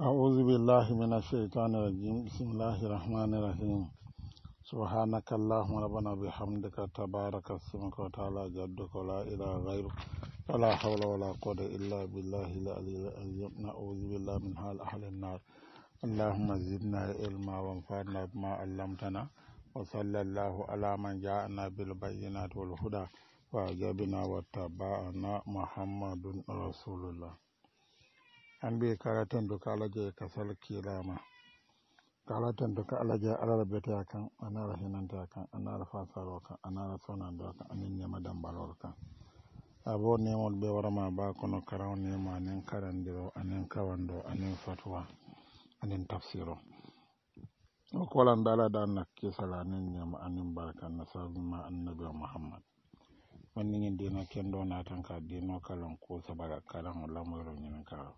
a uzi bi illahi minna shaita ne la jimai shimilahi rahmanirahim su ba ha na kallai huna bana biyar hamdu wala kawai ko da illa biyar da al'adu na uzi bi illahamin hala na yaro allahuma zina ilmawa fannaba ma allamtana wasu allahu alama jiya ana bilbayyana da walhudu ba'a gabina wata ba a na muhammadun rasulillah. an kala karatun ka alaje ka sal kilama karatun duka ka alaje alala bete kan rahinan hinanta kan anara fasaro kan anara da kan anin nyama balor kan abo nemol be warama ba kono karaw nema anin karandiro anin kawando anan fatwa anan tafsiro o kolan dala da nakki sala anin nyama anin barka na ma annabi muhammad wani yin dina kendo na tanka dino kalan ko sabara kalan lamurin yin karo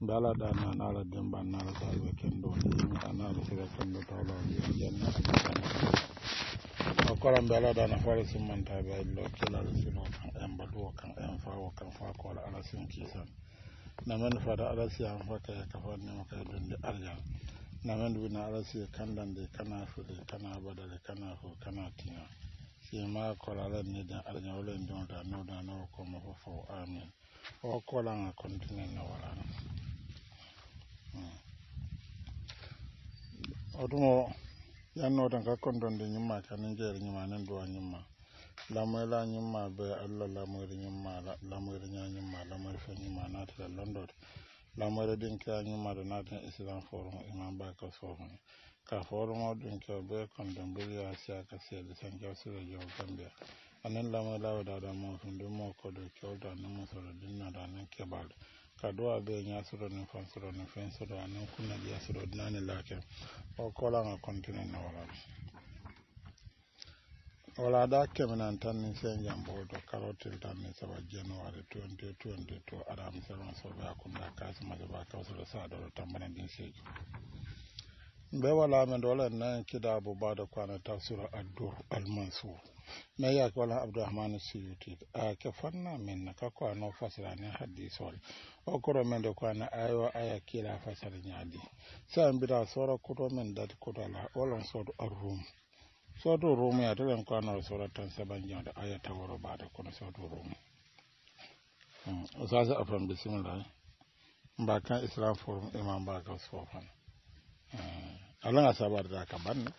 dala da na na la demba na la ta be kendo ni ana la sira kendo ta la ni janna akora mbala da na fare sun manta be lo kila da sino kan en badu kan en fawo kan fa ko la ala sun kisan na man fada ala si an fata ya kafa ne maka don da arja na man du na ala si kan dan da kana fu da kana badale kana fu kana tina sai ma kola ne da arja wala don da no da no ko ma fa amin o kola na kontinent na wala Hmm. oɗumo yannoden kakkon donde ñumma kanen jeere ñuma nen duwa ñumma lamoy la ñumma be allah lamoyre ñumma lamoyre ña ñumma lamoyre fe ñumma natire londode lamoyre ɗin kea ñummade naten islam forum iman bako sofon ka forumo ɗin keo be konde mbiliya siaka seedi sankew sire jowo gambia anen lamoy lawo dada mosum ɗum mo koɗo kewdo anen musoro ɗinnoda anen keɓalde ka be nya ni fan ni fen soro ani kunna nani lake o nga kontinu na wala wala da kemenan tan ni sen jambo to tan ni saba january 2022 adam seven sobe akunda kasi mazaba kawsoro sa do tambana din seji be wala men dole nan kida bu ba da kwana tafsir ad-dur al-mansur na yaki wala abdourahmane siyuti a ke fanna min na ka ko ano fasirani hadisol o koro men de ko ana ayo aya kila fasara ñaadi sa mbira sora koto men dati kotala walan sodo arrum sodo rumu ya telen ko ano sora tan saban jonde aya ba da kuna sodo rumu hmm, o afan bismillah bakan kan islam forum imam mbaka sofan hmm, alanga sabarda ka banne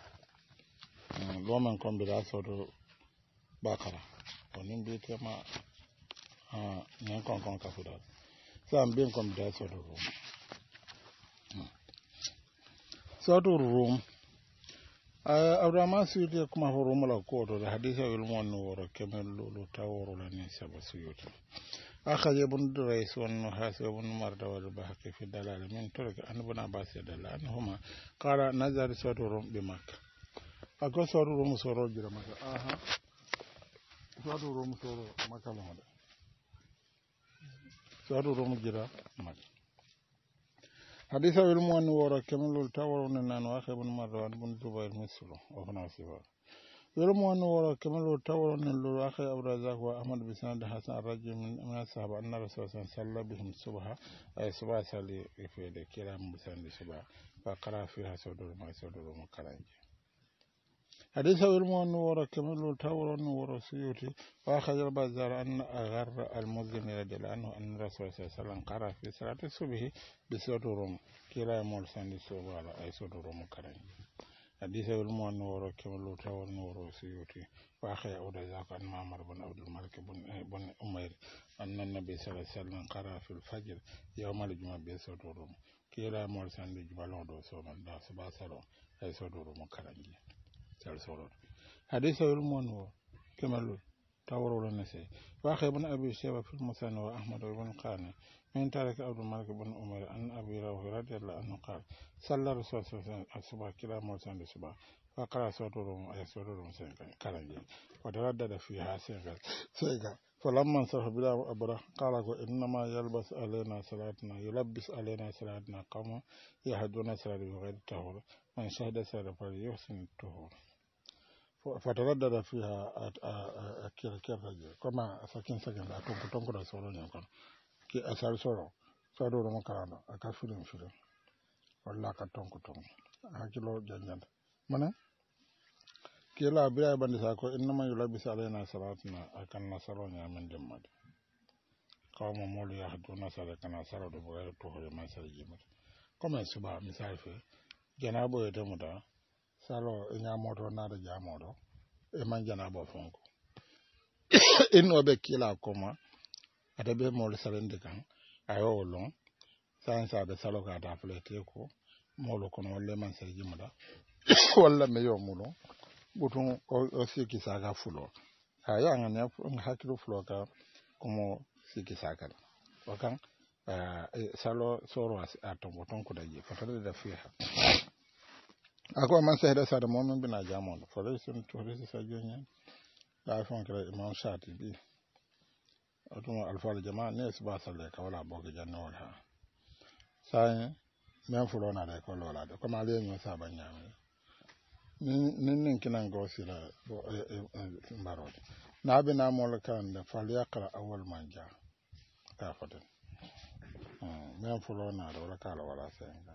ɗo men da hmm, sodo bakara wannan bi ta ma a yankon kan kafu da za mu biyan kwamfuta ya sauran rom sauran rom abraman su yi kuma horo mula kowato da hadisa ilmuwan na wara kemin lolo ta wara na nisa ba su yi aka yi bin dura ya su wani hasu ya bin mara dawa da ba haka fi dalala min turka an buna ba su dalala an huma kara nazari sauran rom bi maka akwai sauran rom sauran jira maka suwadu romu soro makala mada suwadu romu jira mada hadisa wel mu wani wora kemlol ta woro ne nan wa khibun marwan bun dubayr mislo o fana ba. wel mu wani wora kemlol ta woro ne lol wa khibun abrazak wa ahmad bin sanad hasan rajul min amina sahaba anna rasul sallallahu bihim subha ay subha sali ife de kiram musan subha fa qara fiha sodor ma sodor mu karanje hadin sauyar muwannu wara kamilu ta wurin wara suyuti ba ka zarba zara a garra almuzin ya da lanu an rasuwa sai salon kara fi sarata su bihi da sautu rum kira ya mulsan da ba da aiso da rum karai hadin sauyar muwannu wara kamilu ta wurin wara suyuti ba da zaka an mamar bin abdul malki bin umar na bai sara salon kara fi fajir ya mali juma bai sautu rum kira ya mulsan da jibalon da su salon sal soroto hadisa wel mon wo kemalol tawarolo nese waxe bon abi sheba fil musani wa ahmad ibn qani من ترك عبد الملك بن عمر أن أبي روح رضي الله عنه قال صلى الرسول صلى الله عليه وسلم الصبح كلا مرسل الصبح فقرأ سورة أي سورة كرنجي وتردد فيها سيغل سيغل فلما انصرف بلا أبره قال إنما يلبس علينا صلاتنا يلبس علينا صلاتنا قوم يهدون صلاة بغير الطهور من شهد صلاة فليحسن الطهور fotoroddata fi ha kere kerdaje comme a sakin sakinda a tonko tonkoda soroni kon ki a sari soro fedoro mo kalano aka firim firim walla ka tonko tonko hakkilo jañjanta mana kila bira e bandi sa ko innama yulabisa alayna salatuna akan nasaroni amin dimmadi kawma molu yahdu nasare kana sarodo bo gayre tohore ma sare jimmata comme suba misal fe janabo e demuda salo e ñamoto naata jamoto e manjanabo fonko innoɓe kila koma ata ɓe mol salende kan ayowo lon sansaɓe salo kata flete ko molo kono walla e man sejimuɗa walla meyo mulon ɓutun o sikisaka fulo ha yagani hakkilo fulo ka komo sikisakala wakan e salo soro a tonko tonkodaji fotoɗeda fiha ako man sehda sada momin bina jamoɗo foreson toresi sajoñen ɗa e fon kira imam shati bi otumo alfaala jama ni suba salle ka wala boke jannowol ha saye min fulonaɗa ko lolade comme alayeño saba ñamini nin nin kinan go sila e, e, mbarode naaɓe namolo kande fal yakra awol man ja ka foten hmm, min fulonaɗa wala kala wala senga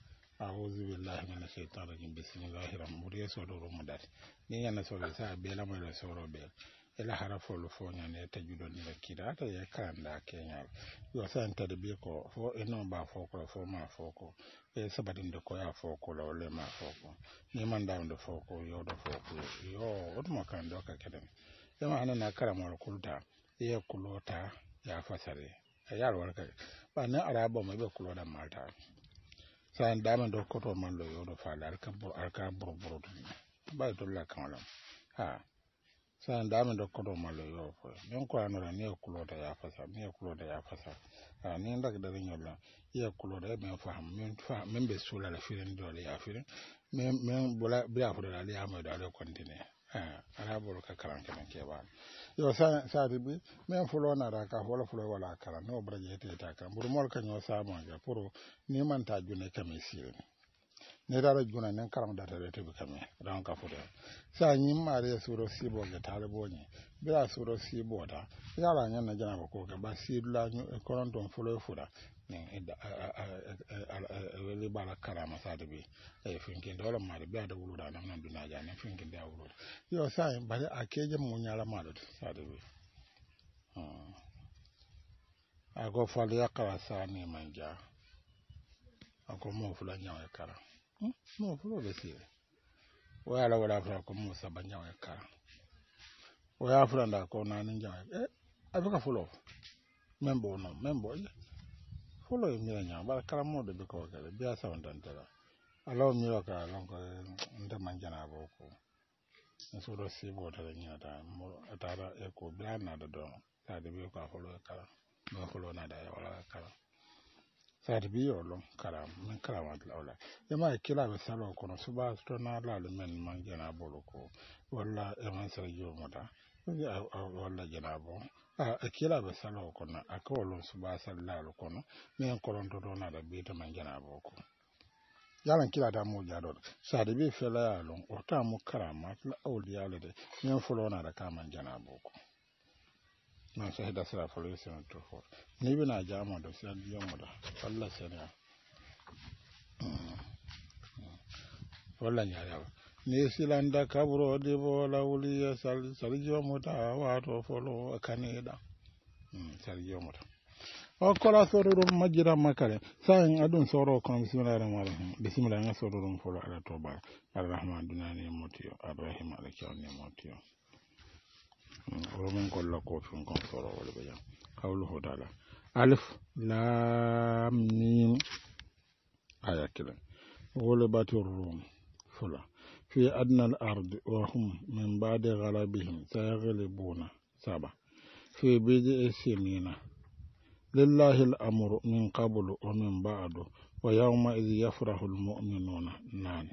aaouzu billahi min acheitan rajim bisimillahi rahmaduri e soodo rumu dati ni ñannde soodo sa beelamayre sooro beel ila hara folo fo ñande tajuɗo nira kiraata ye kanda keñal yo san tade bi ko fo e nooba fookolo fo ma fooko e sabatinde koya fookolo le ma fooko ni mandamde fooko yoɗo fooko yo otuma kanndo ka keɗen ema hannana karamol kulta ye kulota ya fasare a e yaal wala kay ɓanne araɓoma ɓe kuloɗa maltaɓe san damen ɗo koto man ɗo yoɗo faale alka alka boroboro to mbawi tolla kamalam ha san damen ɗo koto man ɗo yoɗo fo min ko anora ni e kulota yafasa ni e kulota yafasa ha ni dak dari ñolla iye kulota e min faham min faham min ɓe suulala firin dole ya firin min min bila bila fotoɗa ali yamoyɗo ale continue ha ala bolo ka kalan kenen keɓani yoo saa saa ti bi meŋ fuloo na daa ka fula fula wala a kara ne o bara jee tee taa kan buru mool ka nyɔ saa mɔ ja puru ni man taa june kame siiri ni ne dara june ne karam da tere tebi kame dan ka fude saa nyi ma de suuro sii bo ge taale bo nyi bi la suuro sii bo da yaala nyɛ na jana ba ko ke ba sii dula nyu e koron tun fula e fula wele bala karama sade bi e finkin dola mari be ada wulu dana nan duna ja ne finkin da wulu yo sai ba a keje munyala mari sade bi ha ago fali ya kala sani manja ako mo fula nya ya kala hm? mo fulo be si o ya la wala fula ko mo sa banya ya kala o ya fula nda ko nanin ja e eh, abuka fulo membo no membo eh. fulo yi mi la ñaa bala kala moo de bi ko wakere bi a sawon dante la alaw mi waka lonko nte man jana bo ko mi su do si bo tare ñi ata mo ata da e ko bi la na da do sa de bi ko fulo yi kala mi wa fulo na da ya wala kala sa de bi yo lo kala mi kala ma la wala e ma kila be salo ko no su ba to na la le men man jana bo ko wala e man sa jo mo ta wala jana bo a ba salo kono a kawolum suba sallalu kono min kolontotona bita man janabo ko yaran kila da mu ja sa sadi bi fela ya lo o ta mu karama la ya le de men fulo na da kaman jana boko na sai da folo se sai to fo ni bi na ja mu da sai biyo mu da Allah sai ne wallan ya rawa ni silanda kabro di bo lawli ya sal sal jomo ta wato folo kanida hmm, sal jomo ta o kola soro dum majira makale sang adun soro kon bismillahir rahmanir rahim bismillah nga soro dum folo ala toba ar rahman dunani motiyo ar rahim ala kyawni motiyo hmm, o mon kon la ko fun kon soro wala be jam kawlu hodala alif lam mim ayakila wala batur rum fulah في أدنى الأرض وهم من بعد غلبهم سيغلبون سبع في بدء السنين لله الأمر من قبل ومن بعد ويومئذ يفرح المؤمنون نان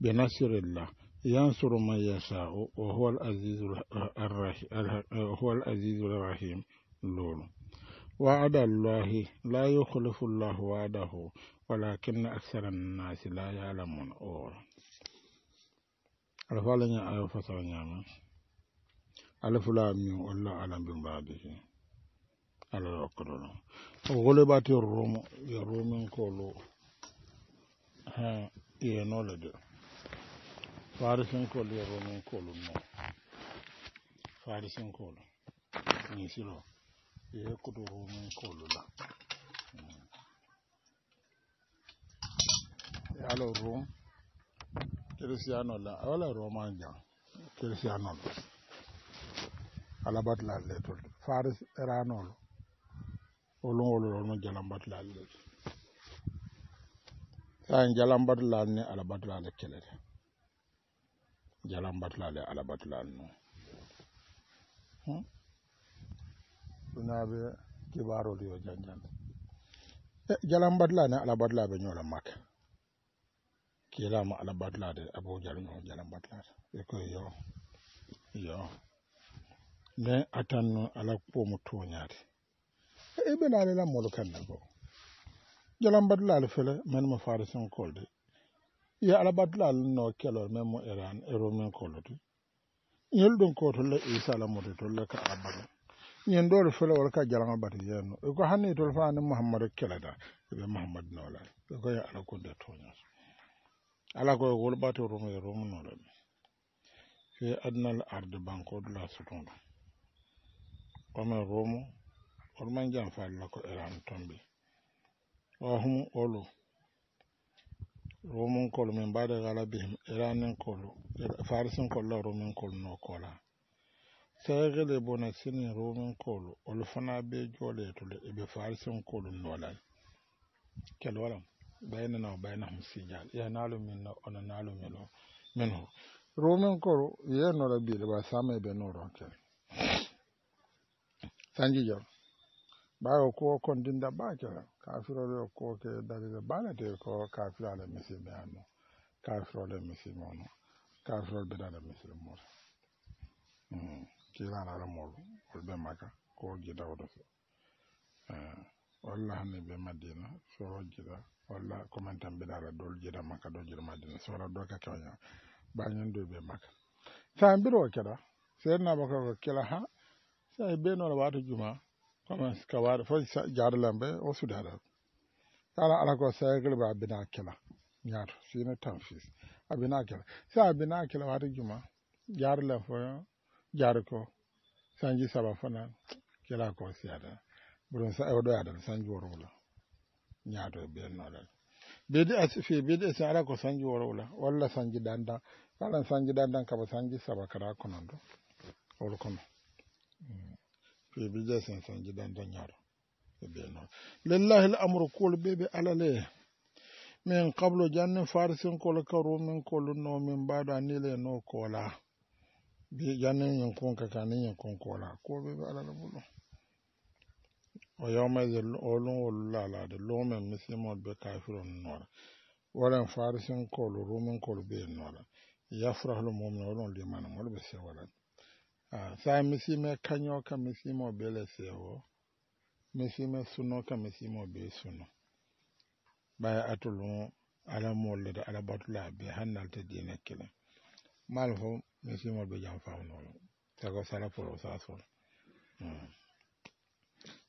بنصر الله ينصر من يشاء وهو العزيز الرحيم لول وعد الله لا يخلف الله وعده ولكن أكثر الناس لا يعلمون أورا ala fa ala ñaa ayo fasara ñaama ala fula min walla ala mbin mbaadiki ala yokkotono wole ɓaati yo ruumo yo ruumin koolu ha iyenole de farisinkolu yo ruumin koolu no farisinkolu min silo ye koto ruumin koolu la hmm. ala ruum kirisiyanol la wala roman jan kirisiyanol ala batilal le tol faris eranol olum wolulol mo jalan batilal le sayin jalan batilal ni ala batilal le kelede jalan batilal le ala batilal no dunaɓe kibarol yo janjan jalan batilal ni ala batilal ɓe ñola makka kiilaama ala batlaade aboo jalno jala batlaade e koy yo yo mais atanno ala kpoomo tooñaade e ɓelaale la molo kanne ko jalambatlaale fele men mo farisin kolde ye alabatlaal no kelol men mo iran ero men kolloti ñol ɗum ko to le isa la mote to le ka abada ñin ɗoole fele wala ka jalaŋa bati yeenno e ko hanni tol fa ni mouhammado keleda eɓe mouhammad nolaal e, e ko ye ala konde tooñaso ala ko wol bato rum e rum no la mi fe adna al ard banko do la sutuna o e ma rum o man jam fa la ko eran tombi wa hum olo rum ko lo men bada gala e bi eran en ko lo farisun ko lo rum en ko no ko la sagale bona sini rum en ko lo o lo fana be jole to le be farisun ko lo no la kelo walam baynana wa ya nalu min na ona nalu mino minhu ye no rabi biile ba sama ɓe noro ken sanji jom ba ko din da ba o koke dalila balete ko kafirale misilme anno kafirole misilme ono kafirol ɓeɗaɗa misilmoto hmm. kilanara molu olɓe maka ko gidawɗo so Allah hande ɓe madina soro jiɗa walla commen tan mbiɗa ala dol jiɗa makka ɗo jiɗa madina sora ɗo ka kewaña bañen ɗo ɓe makka sa mbiɗo o keɗa seedna abakar ko kela ha sa e ɓenoɗo wato juma comme ka waɗa fo jaadalan ɓe o sudaɗa ala ala ko sayagle ɓe abina kela ñaato sino tan fis abina kela sa abina kela wato juma jaadalan fo jaaro ko sanji saba fana kela ko siyadana buɗum sa o ɗo adal sanju woro wula ñaato e beennoɗal beedi a sufi beedi a sin ala ko sanji woro wula walla sanji dandan kala sanji dandan kaba sanji saba kara kono ndo hmm. holkono fii bi jee sen sanji dandan ñaato e beennoɗa lillahi l amro kuol ɓeɓe alale min kablo janni farisin kol karu min kolunno min mbaɗo anile no koola janni min kunka ka ni min kun koola kuo ɓeɓe alale ɓuɗum o yawmaide olum wolu lalade lumen misilimol be kafiron nora wolen farisin kolu rumin kolu be nora yafrahlu mumin olum limana molu be sewolan sa misime kaño ka misimo bele sewo misime suno ka misimo be suno baya atulu ala molle da ala batula be hannal ta dina kilin malfo misimo be jamfa nolo tago sala polo sa sol mm.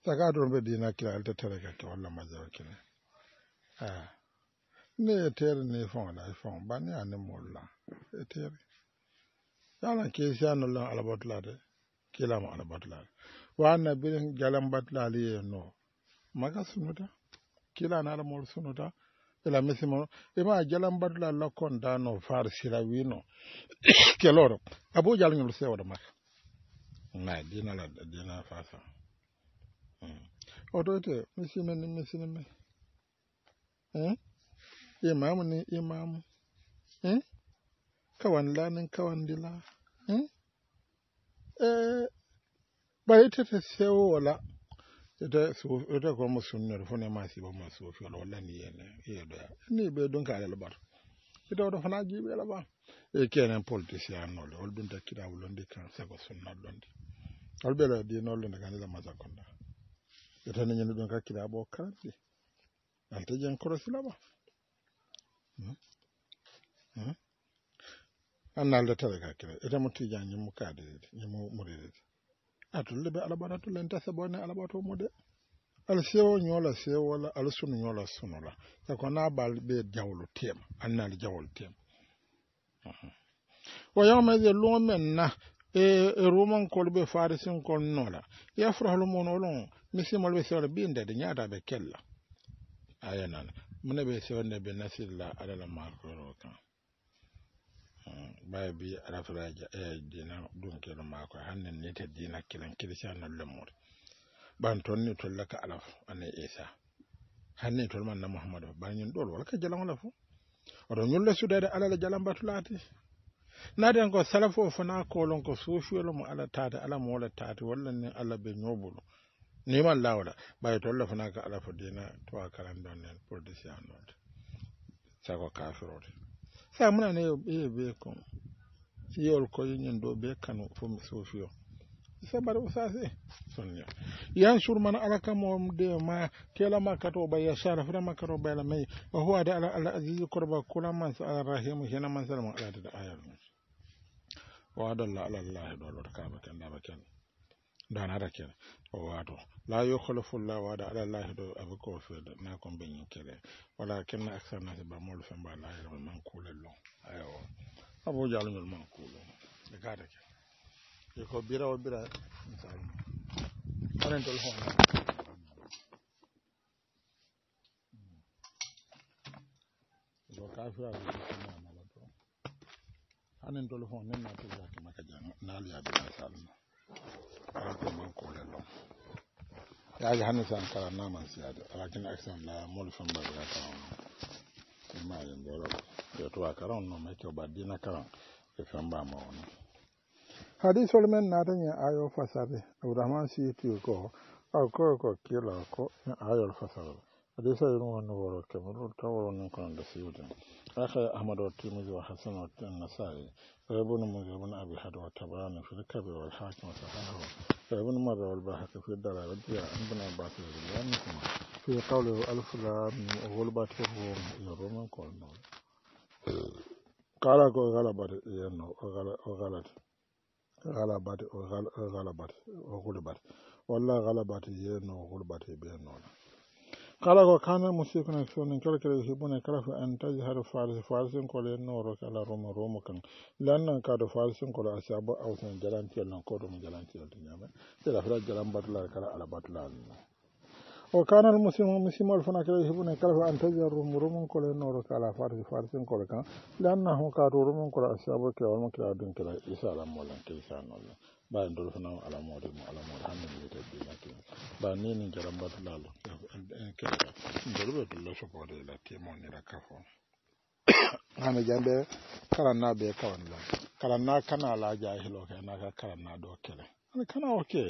saka aɗon ɓe dina kila alta tere kake walla majjaba kine a ne e tere ni e fong ana e fong bani ane molla e tere yala kesi anolla ala batulade kilama ala batulade wa na birin jalan batulali ye no maga sunuta kila na ala mol sunuta ila misimo ima e jalan batula la konda no far sira wino keloro abu jalan yul sewa da maka na dina la dina fasa odoote mm. mi simini mi sinimi imamu ni imamu eh? kawan la nin kawandi la ɓaytete eh? eh, sewola ete komo sunnere fone ma sibama sufiola walla ni yene yedoya ni ɓe dunkalelbat ite oɗo fana jiɓela ba e kenen politicien nole wol ɓin takkiɗa wulondi kan sago sunnaɗɗondi wol ɓela di nolle ndekandila masakonda yetane ñande ɗon kakkila ɓo karanɗe altejen koro filaɓa annalde tare kakkila etemo tija ñimmo kaadedede ñimmo muredede atulle ɓe sewo sewola ala sunu sunula na ɓal ɓe jawlu tema annali jawol tema hmm. o yawmaide lumen na e, e rumankol ɓe farisinkol noola yafrahlu mon misimol binde de mbindede be kella aya nan mune ɓe sewnde ɓe nasilla alala makoro kan hmm, Baye bi arafraji e dina ɗunkelo mako hanne te dina kilan kirisiano lemmude Ban toon ni tolla ka alaf ane isa man na muhammad ban ɓañin dol wala ka jalagola fo oɗo ñulle sudade alala jalambatulati naden ko salafo fana kolon ko suufiyolo mo ala tata ala mo wola wala ne ala allah ɓe nimal lawla ɓay tolla fana ka fo dina towa karan ɗon nen pour disiyannote sago kafirode sa munane yo ɓeye eh, be kon yol ko yin ɗo be kano fo mi suufi o sabar usase sunniya yan surman alaka mom de ma kela kato ba ya shara fura makaro ba la mai wa huwa da ala ala aziz qurba kula man sa ala rahim hina man salama ala da ayar wa dalla ala allah dole ka kan da bakan danata kene o wato la yokholofulla wa'da ala lahi ɗo avec o feede na kon be nyi kele wala kenna ba bamolu fe ba la lahirama man kuulel lo ayo abu abo jalugol man kuulo e gata ke e ko bira o bira misal onen tol hona yo kafiraɓe hanen tol ma nen natiyake maka jan naaliyaɓe na salma arabe man kolelom yaaji hannde kala naman siyade alakin accident la moɗo fen mbaɗoya karan ima yen ɗoro yo towa karan na mecco baddina karan e fen mbama ono hadisol men naatañe ayo fasabe abdourahman tiyo ko "Akwai ko kila ko e ayol da yasa irin wannan horo kamar rota wa wannan kwanan da su yi wajen aka ahmadu wa timiji wa hassan wa tun nasari rabinu mu gabin abu hadu wa tabarani fi duka bai wal haki masu haihu rabinu mu rawar ba haka fi dara wa jiya an bina ba su da zuwa ne kuma fi ya kawo da alfula mu wal ba ta ruwa mu ya roman kwanan kala ko o gala ta gala ba ta o gala ba ta o gula ba no o gula ba ta iya biyan no kala ko kana musikuna sonin kala kala hibuna kala fa an tajhar farsi farsin ko le noro kala romo romo kan lannan ka do farsin ko la asabu awsan jalanti lan ko do jalanti lan nyame de la fra jalan batla kala ala batla o kana muslimu muslimu al fana kala hibuna kala fa an tajhar romo romo ko le noro kala farsi farsin ko kan lanna ho ka do romo ko la asabu ke wal mo kala dun kala isa la mo lan no baani dolo fana o ala moore mo ala moore hannde mi wiyete bi makki ba ni ni jaram bat lalo en kela dolo be dolo so ko de la timo ni ra kafo hanne jambe kala na be kawani la kala na kana la ja hilo ke na ka kala na do kele hanne kana o ke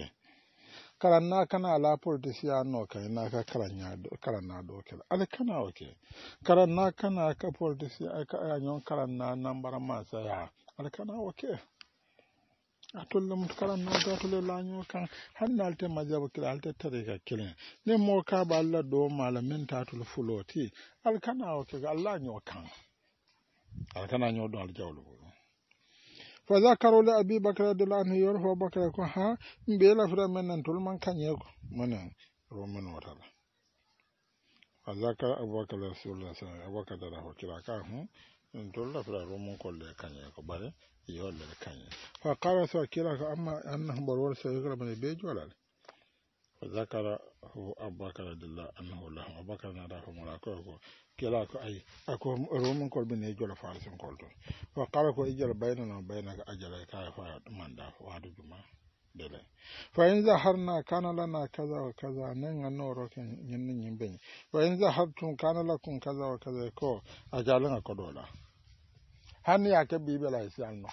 kala na kana la politisiya no ke na ka kala nya do kala na do kele ale kana o ke kala na kana ka politisiya ka ya eh, nyon kala na nambara ma sa ya ale kana o ke atolle mutkaran no datole lañoo kan hanna alte majaba kila alte tare tarika kilin ne mo ka ba allah do malamin ta tatol fuloti alkana o kega allah ñoo kan alkana ñoo do aljawlu fa zakaru la abi bakra de lanu yurfa fo bakra ko ha be la lafira men nan tul man kañe ko man romen wotala fa zakara abubakar rasulullah sallallahu alaihi sallam abubakar da ho kira ka hu hmm, tol lafira romon kolle kan yego bare يقول لك كان فقال سوكيلا أما أنه برور سيغرى من البيج ولا لي فذكر هو أبا كلا دلا أنه لهم أبا كلا نراه كلا أكو أي أكو رومن كل من يجول فارس من كل جون فقال أكو إجل بيننا وبينك أجل كاي فارد من داف وعد جمع دلي فإن ظهرنا كان لنا كذا وكذا نين نورك نين نين بني فإن ظهرتم كان لكم كذا وكذا كو أجالنا كدولا هني أكبي بلايسي أنا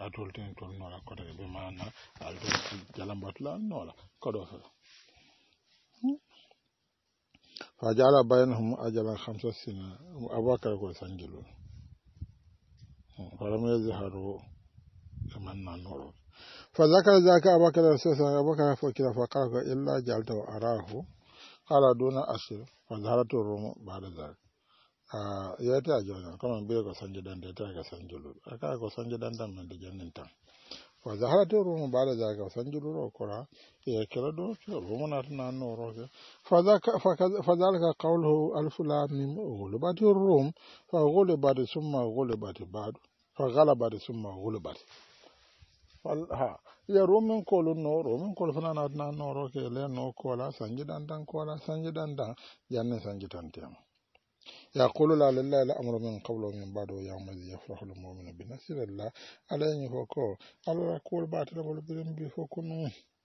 أتولتني تولنا لا كده بما أن ألتولت جلام بطلا نولا كده فل بينهم أجل خمسة سنة أبو بكر سانجلو فلم يظهروا كمان نانورو فذكر ذاك أبو بكر سوسا أبو بكر فكر فقال إلا جعلته أراه قال دون أسر فظهرت الروم بعد ذلك Ah, yati a joojan kama ɓiye ko da ta ga sanje sañjuluɗo aka ko sañde dan men da jannin ta wa zaharate rumu baɗa za ga sanje o kora ya kira ɗo rumu natanani noroke fadalika qawluhu alfulamim gulibati rum fa gulibati summa gulibati baɗu fa galabati summa wal ha ya romin kolum no romin kol fananatana noroke le no kola dan dan kola dan tan janne sanjitantema yaqulu la lillahi al'amru min qablu min ba'du yawma idhin yafrahu al mu'minu bi nasri llah alayhi fa ko allah ko ba tan bol bin bi fo kun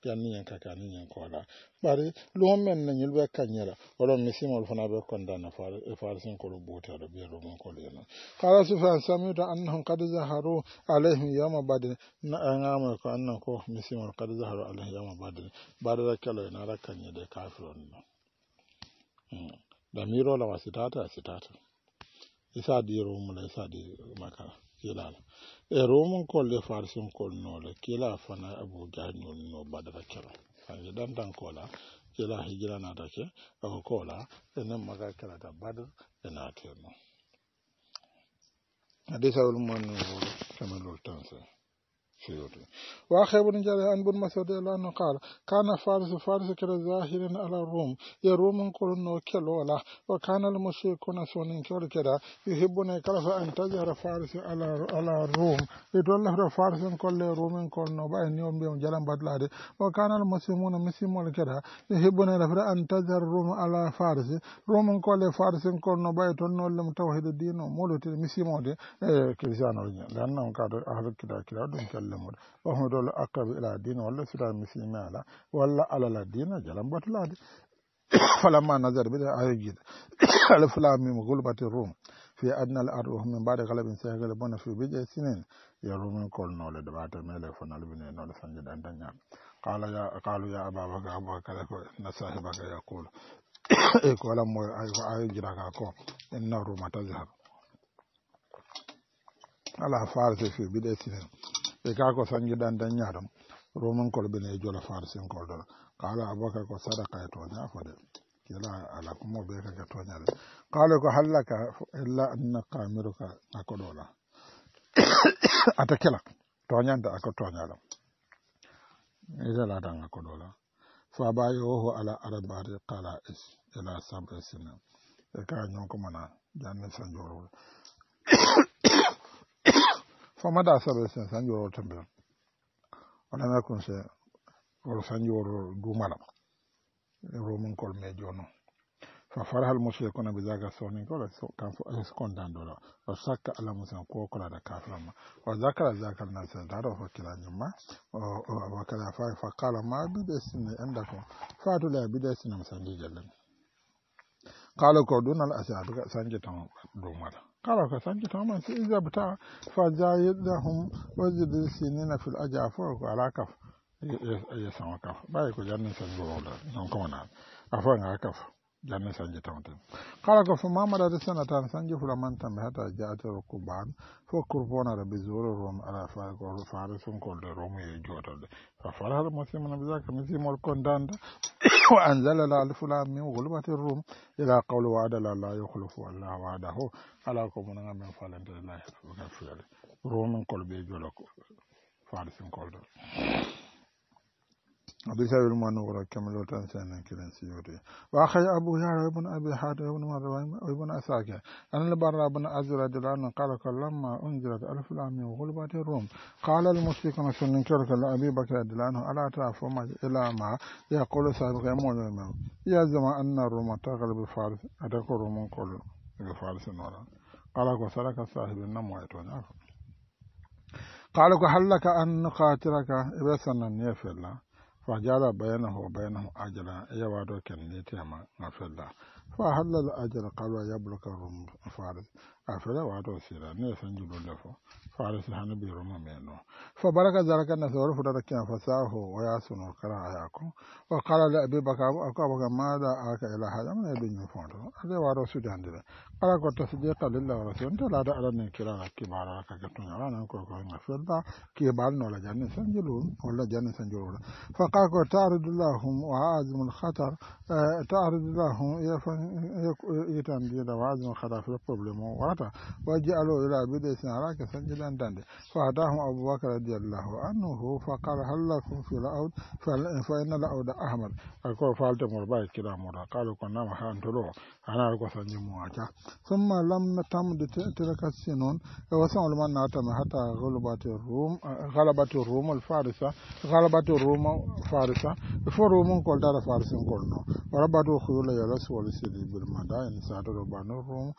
yanni yan ka kan yan ko la bari lo men ne nyul be kanyala wala misim al fana be kondana fa e fa sin ko buta do biro mon ko le non qala sufyan samiu ta annahum qad zaharu alayhi yawma badr na ngama ko annahum ko misim al qad zaharu alayhi yawma badr badr kala na rakanyede kafiron non Mm-hmm. da miro la wasitata a sitata isa di rumu la isa di makara kila la e rumu kol le farsum kol no le kila fana abu gani no badara kira kanje dan dan kola kila hijira na da ke ako kola ene maga kira da badar ena atirno hadisa ulumu anu e, kama lortansa سيوطي وأخي بن جابر أن بن مسعود أنه قال كان فارس فارس كلا ظاهرا على الروم يا روم كل نو كلولا وكان المشركون سنين كل كلا يحبون كلف أن تجر فارس على على الروم يدل فارس كل روم كل نو بأن يوم بيوم جلهم بدلade وكان المسلمون مسلمون كلا يحبون لفر أن تجر روم على فارس روم كل فارس كل نو كلنا بأن لم توحيد الدين مولوت مسلمون إيه، كريستيانو لانه كانوا أهل كلا كلا دون كلا golle moɗo ohmo dole akkaɓe ila dina walla silami fimi ala walla alala dina jalam batlade falamma nasar bide ayojida ala fulamimo gulbati rum fi adna l ard ohmin mbaɗe kala ɓin sehgale bona fi bije sinin yo rumin kolnole debata mele fonalbine nole sanjiɗantañam qala qalu ya ababaka abakare ko na sahibaka yaqulu ey ko walamoy ko ayojiraka ko inna ruma tazhar ala farse fi biɗe sinin e ka ko sanngiɗan dañña tam romon kol bene e jola farsinkol ɗon kaala abaka ko sadaka e toñafode kila ala kumo ɓe kake toñade kaala ko hallaka illa e anna kamiruka akoɗola ata kela toñanta ako toñaɗam italatan e akoɗola faba yowoho ala arabati kala s ila sab e sinna e ka ñonko mana janni sanjoro san famada sabe sen na kun onana kon san wol sanjoro dumala romin kol me jono fa fara musu farahal mushrikuna bi zaka sawnin kola kan fo es eh, kondan dola wa ka ala musan ko kola da kafiran ma wa zakara zakar na sai da rafa kila nyuma wa kala fa fa kala ma bi dasin inda ko fatu la bi dasin musan di jallan qala ko dunal asab sanje tan dumala kala ko sanki toman si isabta fa jayidahum wajid sinina fil ajafo ko ala kaf ya sama kaf bayi ko jannin sen goro ko na janne sanje tawten kala ko fo mamadade senatan sanje man tambe hata jaatoro ban fo kurfonare da zoro rom ala fako faare sonkolde romu e jotorde fa farahal musimana bisaka misimol kondanda wa anzala la alfula min gulbati rom ila qawli wa adala la yukhlifu allah wa'dahu ala ko mun ngam men falante la ilaha illa allah ko kolbe jolako faare sonkolde بسبب المنورة كما لو تنسانا كلن سيوري وأخي أبو يار ابن أبي حاد ابن مروان ابن أساكي أن البراء بن أزرد الآن قال لما أنزلت ألف العام وغلبت الروم قال المشركون سنن كرك لأبي بكر الآن ألا تعرف إلى ما يقول سابق يمون مولى يزم أن الروم تغلب الفارس أتكو روم كل الفارس نورا قال وسلك صاحب النمو يتوني قال لك هل لك أن نقاتلك إبسنا نيفي الله fa bayana ho wa bayanahum ajran iya wato kennetema ga fella fa halal ajra qalwa yabluka rum faris a fela wato sira ne sanjulolle faris hannu bi roma meno fa baraka zaraka na sauran fudar kina fasaho wa ya suna kara aya ko wa kala da abi baka aka baka ma da aka ila hada mun bin yin fondo ade wa rasu dan dira kala ko tasdiqa lillahi wa rasul ta la da aran ne kira la ki bara ka ka tun ran ko ko na fadda ki bal no la janne sanjulu wala janne sanjulu fa ka ko ta'ridulahum wa azmul khatar ta'ridulahum ya fa ya tan da wa azmul khatar fi problemo wata waji alo ila bi da sanara ka sanjulu لن دند فأتاهم أبو بكر رضي الله عنه فقال هل لكم في الأود فإن الأود أحمد أقول فالت مرباي كلا مرة قالوا كنا محان تلو أنا أقول سنجمو مواجه ثم لم نتم تلك السنون وسمع لمن نتم حتى غلبت الروم غلبت الروم الفارسة غلبت الروم الفارسة فروم كل دار فارس كلنا وربطوا الخيول يلس والسيدي بالمدائن ساتر بانو الروم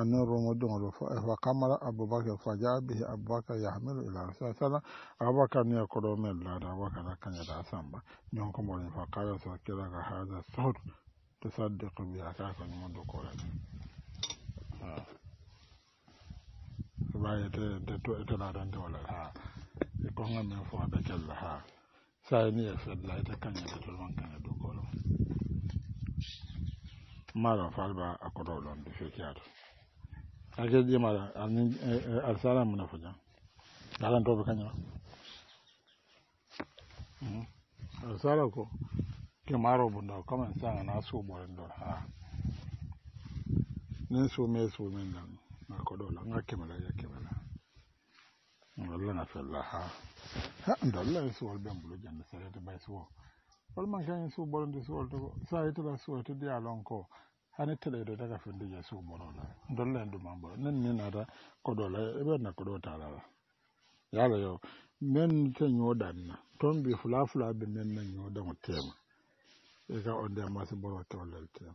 أن الروم دون فقمر أبو بكر فجاء به ya abubakar ya hamilu ila rasul abubakar ne ya kuro mai lada abubakar kan yada san ba kañeɗa samba ñon ko mboɗen fa kala so kiraga haada sod to saddiqu biha kaka ñumon ba ya ta nde to etelaɗande wala ha e konga men fo aɓe kella ha sai sayni e fedla ete kañete to ɗon kañe dow kolo maro falba a akoɗo ɗon ɗo fekiyato akeje ƴimata ani e, e, alsara mu nafo jam alantoɓe kañuma mhm. alsara ko ke maro bunda comme instant ana suuɓore ndor ha nin suume suumen dan ako ɗola ngakkimela yakkimela walla na fella ha ndolla e suwol ɓen bulu jande sarete bay suwo walla man kañi suuɓorende suwol togo sa yitola suwo tedialon ko hani tele do daga fundi ya su boro la don len du mamboro nen ni na da ko do la na ko do ta la ya la yo men te nyo dan na ton bi fula fula be men na nyo dan tema e ga on ma se boro to le tema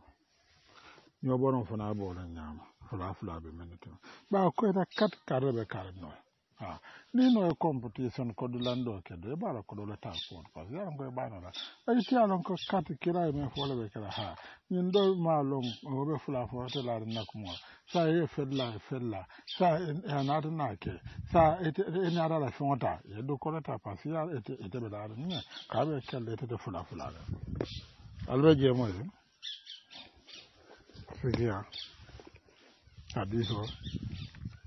nyo boro fana bo la nyama fula fula be men to ba ko da kat kare be no a nino e competition koɗo lanɗo kedo e ɓaala koɗo le tapon par ce que aɗon koye ɓanola ayiti alon ko kate kira e men fole ɓe kala ha min ɗo malon oɓe fula fote laare nakkumoa sa ye fella e fella sa anata nake sa ene arala fewota e ɗo koɗo ta par ce que a ete ɓe laare nume kaɓe kelle etete fula fulare alɓe jemoye sigia hadiso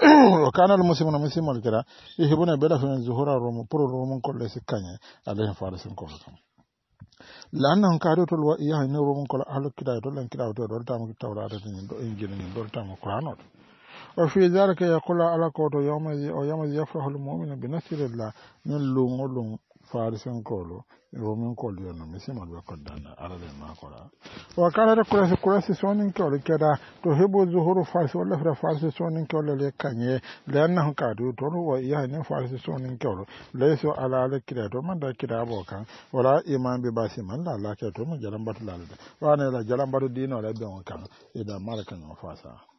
وكان المسلمون مسلم الكرا يحبون بلا فين زهور الروم برو الروم كل سكانيا عليهم فارس كوفتهم lannan kado tol wa iya ne romun kol ahlu kida to lan kida to dol tamu tawra ta tin do injil ni dol tamu qur'ano o fi zalika yaqulu ala qawto yawma o yawma yafrahu al mu'minu bi nasrillah min faari senkolu iwo min kolu yo no misima ɓe koddanna alade makora wa kalata kurasi kurasi soninkewol keda to heɓo zuhuru farsi walla fita farsi soninkewol le kadu, leannahu kaatu toon wo yahani farsi soninkewol ala ala kira to da kira abokan wala iman bi ba basiman man lake to no jalambatu wa ne la jalambatu dinola ɓen o kan ida mala kaño fasa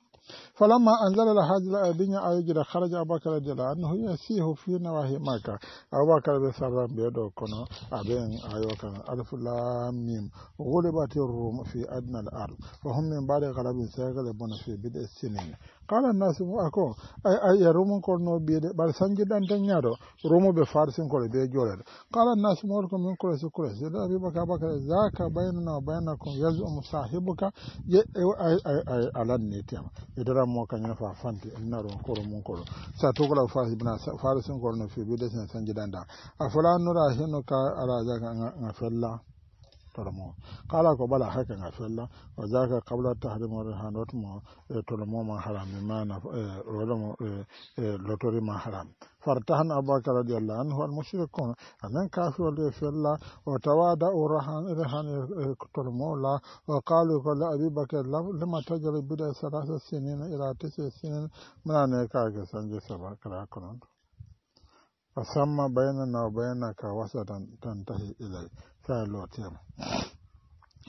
فلما أنزل له هذه الآية دنيا خرج أبو بكر رضي الله عنه يسيه في نواهي مكة أبو بكر سلام بيدو كنا أبين أيوكا ألف لام ميم غلبت الروم في أدنى الأرض وهم من بعد غلب سيغلبون في بدء السنين kala nasibu ako aya rumun korno biide ɓar sanjiɗan tan ñaaɗo rumuɓe farsinkore be joolede kala nasibu wonko min su kuresi kuresi da abibaka bakara zaka baynana wa baynakum yasum sahibuka ye e, alannitema idara mo kañum fa fanti narum koro mum koɗo sa tugala fasibna farsinkore no fi biide sen sanjiɗan da a fala nura heno ka araja ga fella تلمو قال اكو بلا حكا فلا وذاك قبل تحريم الرهانات اه، ما تلمو ما حرام ما نف اه، ولم اه، لطري ما الله عنه والمشركون امن كافر ولي فلا وتوادا رهان رهان تلمو لا وقالوا قال ابي بكر لما تجري بدا ثلاث سنين الى تسع سنين من ان كاك سنج سبا كراكون فسمى بيننا وبينك وسطا تنتهي اليه sa lo tem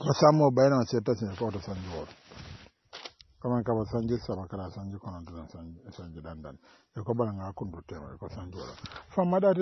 ko sammo bayna se tasin ko to sanji wor kaman kaba sanji sama kala sanji kono to sanji sanji dandan يكون بلغا كندو تيما يكون سانجورا فما دات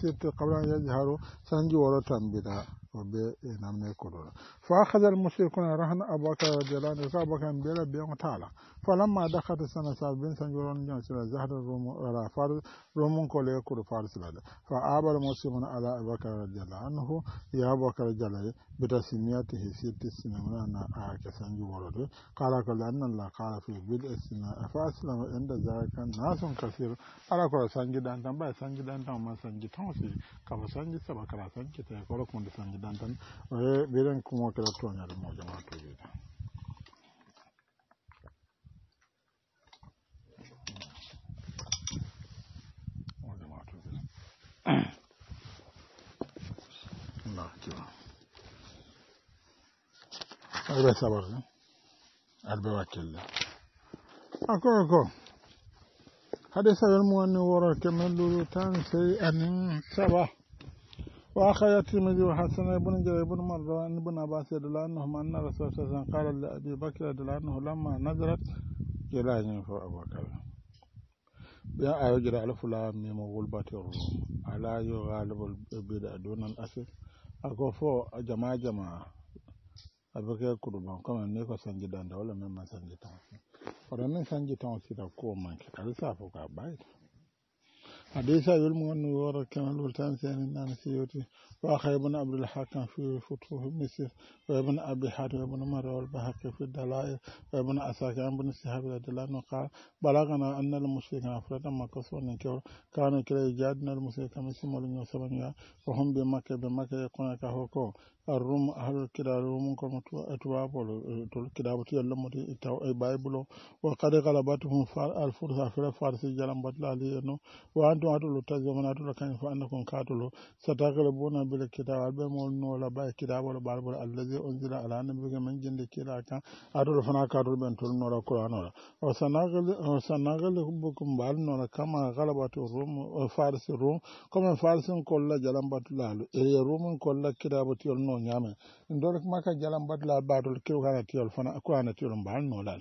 سيت قبل أن يجهروا سانجورا تنبيدا وبي نامني كدورا فأخذ المشركون رهن أبو بكر رضي الله عنه أبو بكر بيلا بيان تعالى فلما دخلت السنة سابين سانجورا نجان سلا زهر روم را فارس روم كولي كور فارس لدى فأبى المشركون على أبو بكر رضي الله عنه يا أبو بكر رضي الله عنه بتسميته سيت سنمنا آكسانجورا قال كل أن الله قال في بدء السنة فأسلم عند ذلك nasun kasiru ala ko sanji dan tan ba sanji dan tan ma sanji tan si ka ba sanji saba kala sanji ta ko ko sanji dan tan e beren kuma kala to na mo jama to yi Albe sabar, albe vakille. Ako ako. hade sawel mu wani woro kemen luru tan sey anin saba wa khayati mi a hasana ibn jare ibn marra an ibn abbas radhiyallahu anhu anna rasul sallallahu qala li abi bakr radhiyallahu lamma nazarat ila ni fa abakar bi ayu jira al fulan mi mo wol bati ru ala yu ghalib al bid'a dun al asr ako fo jama jama abakar kurban kama ne ko sanji danda wala men ma sanji tan oɗon nen sanji tan o sira ko manke kala sa fof ka bayta ade sa wel mu wonno woro kemalol tan seeni nana si yewti waaka ibne abdoulhakam fi fotuhu misir o ibne abi hatim ibne marawal bahake fi dalail o ibne asake an bne sihabi radiallahu qala balagana anna al mushrikina furata makka sonen kewro kano kila jadina al mushrika misimol ño sabañoya o hombi makka ɓe makka e konaka ho ko arrum har kiraarum ko mutu atwa bol to kidabu ti yalla mutu taw ay bible wa qad ghalabatuhum fa al fursa fa farsi jalam batla li no wa antu atul tazamanatu lakan fa annakum katulu mo ñamen ɗum ɗole maka jalan badla baatol kew kana tiyol fana ko ana tiyol mbal nolal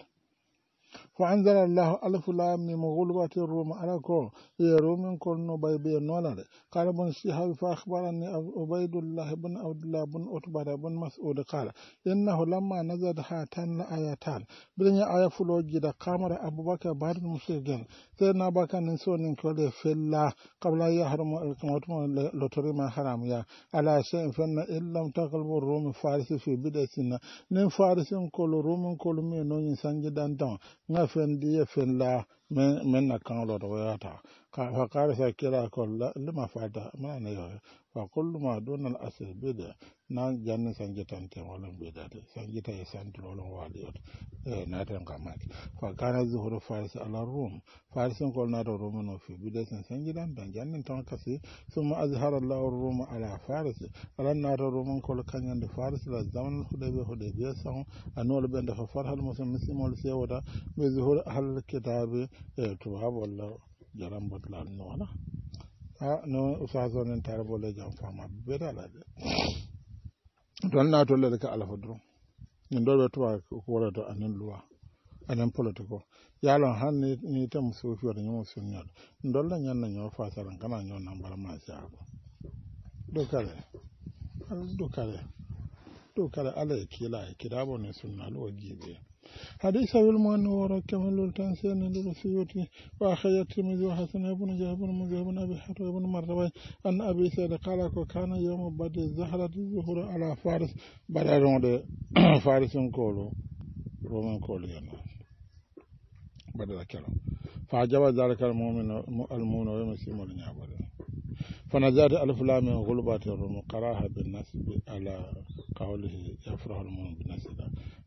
وأنزل الله ألف لام من غلبة الروم على كو يروم كل نبي بين ولد قال بن شهاب فأخبرني عبيد الله بن عبد الله بن عتبة بن مسعود قال إنه لما نزل هاتان الآيتان بدن آية فلو جدا قامر أبو بكر بعد المسلمين سيدنا بكر نسون كل في الله قبل أن يحرم الكموتم لتري ما حرام يا على شيء فإن إن لم تقلب الروم فارس في بدأ سنة نين فارس كل روم كل مين نون سنجدان دون ŋa fendi ye fen la min na kaŋlo to woyata fa karisa kira ko lima fata mana ne fa kullu ma duna al asir bida na janni sanjitante wolon ɓeydade sanjita e santil wolon waaliyoto e naten kamaki fa kana zuhuru faris ala rum farisinkol naata rumano fi bidesin sanjitan tan jannin tan kasi summa ashara llahu ruma ala farisi alan naata rumankol kañande faris la zamanal huɗeɓe huɗebiya sahon anole ɓe ndefa farhal musum misimol sewota ɓe zuhuru ahlal kitabe e tubab walla jarambotlal no wala a no usasonen tarbole jam fama beɗa de don na to da ka alfa in nin tuwa ko wala to anin luwa anin politiko yalon han ni ni ta so fi wala nyon so nyal ndol la nyan na nyon fa saran kana nyon nan bar ma sha ko do kare dokare ala ya kila ya kidabo ne sunna lo gibe حديث بالمؤن وركه لولتان سين للسيوطي وأخرج الترمذي وحسن ابن جابر بن مذهب بن أبي حرب بن مروي أن أبي سيد قال وكان يوم بعد الزهرة الظهر على فارس بدرون فارس كولو رومان كولو يعني بدر كلام فعجب ذلك المؤمن المؤمن ويمسي مولنا بدر فنزلت ألف لام غلبة الروم قراها بالنسب على قوله يفرح المؤمن بالنسب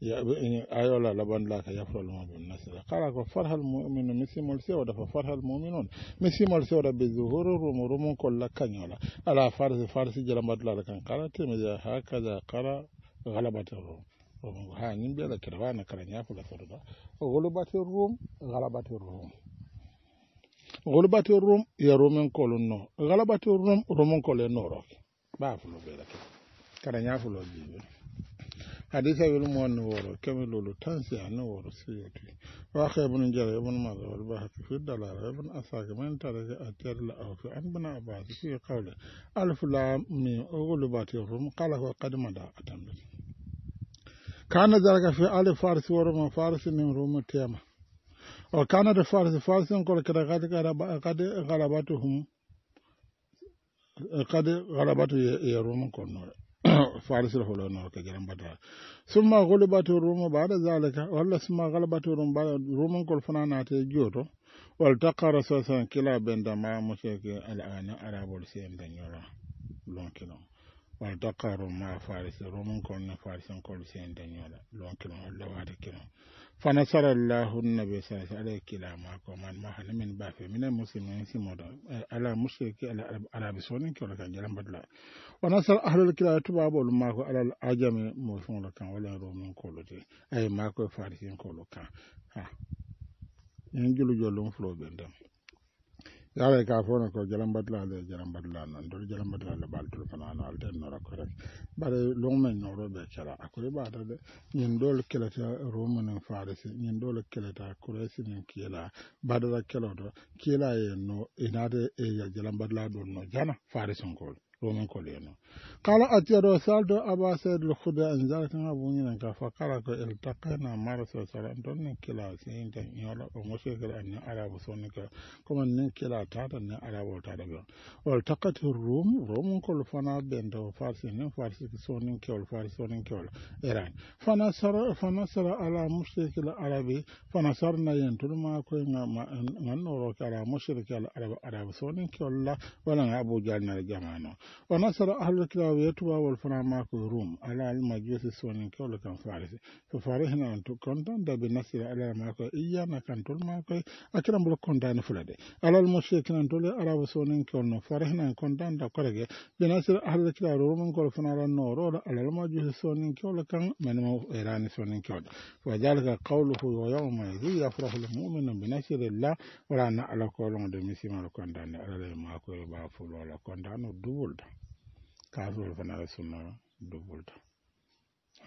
ya ayola mo bin binnasra qala ko farhal muminu mi simol sewda fo farhal muminun mi simol sewda be rumurum rumu rumu kolla kañola farz farsi farsi jalambatlala kan qala tim ya hakaza kala galabata rum rumu ha nim ɓeɗa kira wana kala ñafula sotoda golubate rum galabate rum golubate rum ya rumen kolun no galabate rum rumun rumen kole noroke ɓa fulo ɓeɗa kira kala ñafulo jiɓe حديث يقول المؤمن ورو كم يقول تنسي عنه ورو سيأتي وأخي ابن جرير ابن ماذا والبحث في الدلالة ابن أساك من ترك أتر لأوفي عن ابن عباس في قوله ألف لام ميم أغلبات يفهم قال هو قد مدى أتمنى كان ذلك في آل فارس ورم فارس من روم تيما وكان الفارس فارس قد قد غلبتهم قد غلبته يروم كنور farisira holo no ke gelen bata summa ghalabatu rumu ba'da zalika walla summa ghalabatu rumu ba'da rumun kol fana na te joto wal taqara sasan kila benda ma museke al'ana arabul sen da nyora lon kilo wal taqaru ma faris rumun kol na farisan kol sen da nyora lon kilo Allah wa ta kilo فنصر الله النبي صلى الله عليه وسلم كلاما ما حنا من بافي من المسلمين سمودا على مشرك على عرب سونين كولا كان جلم بدلا ونصر أهل الكلا تباب هو على الأجم موسم لكان ولا رومين كولو دي أي هو فارسين كولو كان ها ينجلو جولون فلو بندم yaala e ka fona ko jalambatlale jalambatla nan le bal tur fana no altennora korek bare longmen ñoroɓe kela ba da de ñin ɗol keleta romunen farisi ñin ɗol keleta kuresi nin kiila badara keloto kiila ye no inade e e jalan jalambatla do no jana farisinkol romin koleno kala atiyaɗo saldo aba seydel huda en jaratan ha buñinen ka fa kala ko el takkana marasa sala ton nen kila sintan yola o mosekere an nen arabu sonnika comme nen kila ta nen arabu o tata ɓen ol takkati rum romin kol fana ɓento farsi nen farsi sonin kewol farsi sonin kewol iran fana sara fana sara ala musekila arabi fana sarna yen tolma koye gannoroke ala musirke ala arabu sonin la wala abuja jamano wa nasara ahlul kitabi yatuba wal faramako rum ala al majusi sonin kewlo kan farisi so farihina on to kontanda be nasira ala mako iyana kantol mako akiram bol kontani fulade ala al mushrikin tole arabo sonin kewno farihina kontanda korege be nasira ahlul kitabi rum kol fanara noro ala al majusi sonin kewlo kan manimo erani sonin kewdo wa jalika qawluhu wa yawma idhi yafrahu al mu'minu bi nasrillah wala na ala kolon de misima kontani ala mako ba fulo dubul dubulta kafirol fana ala sunnara dubulta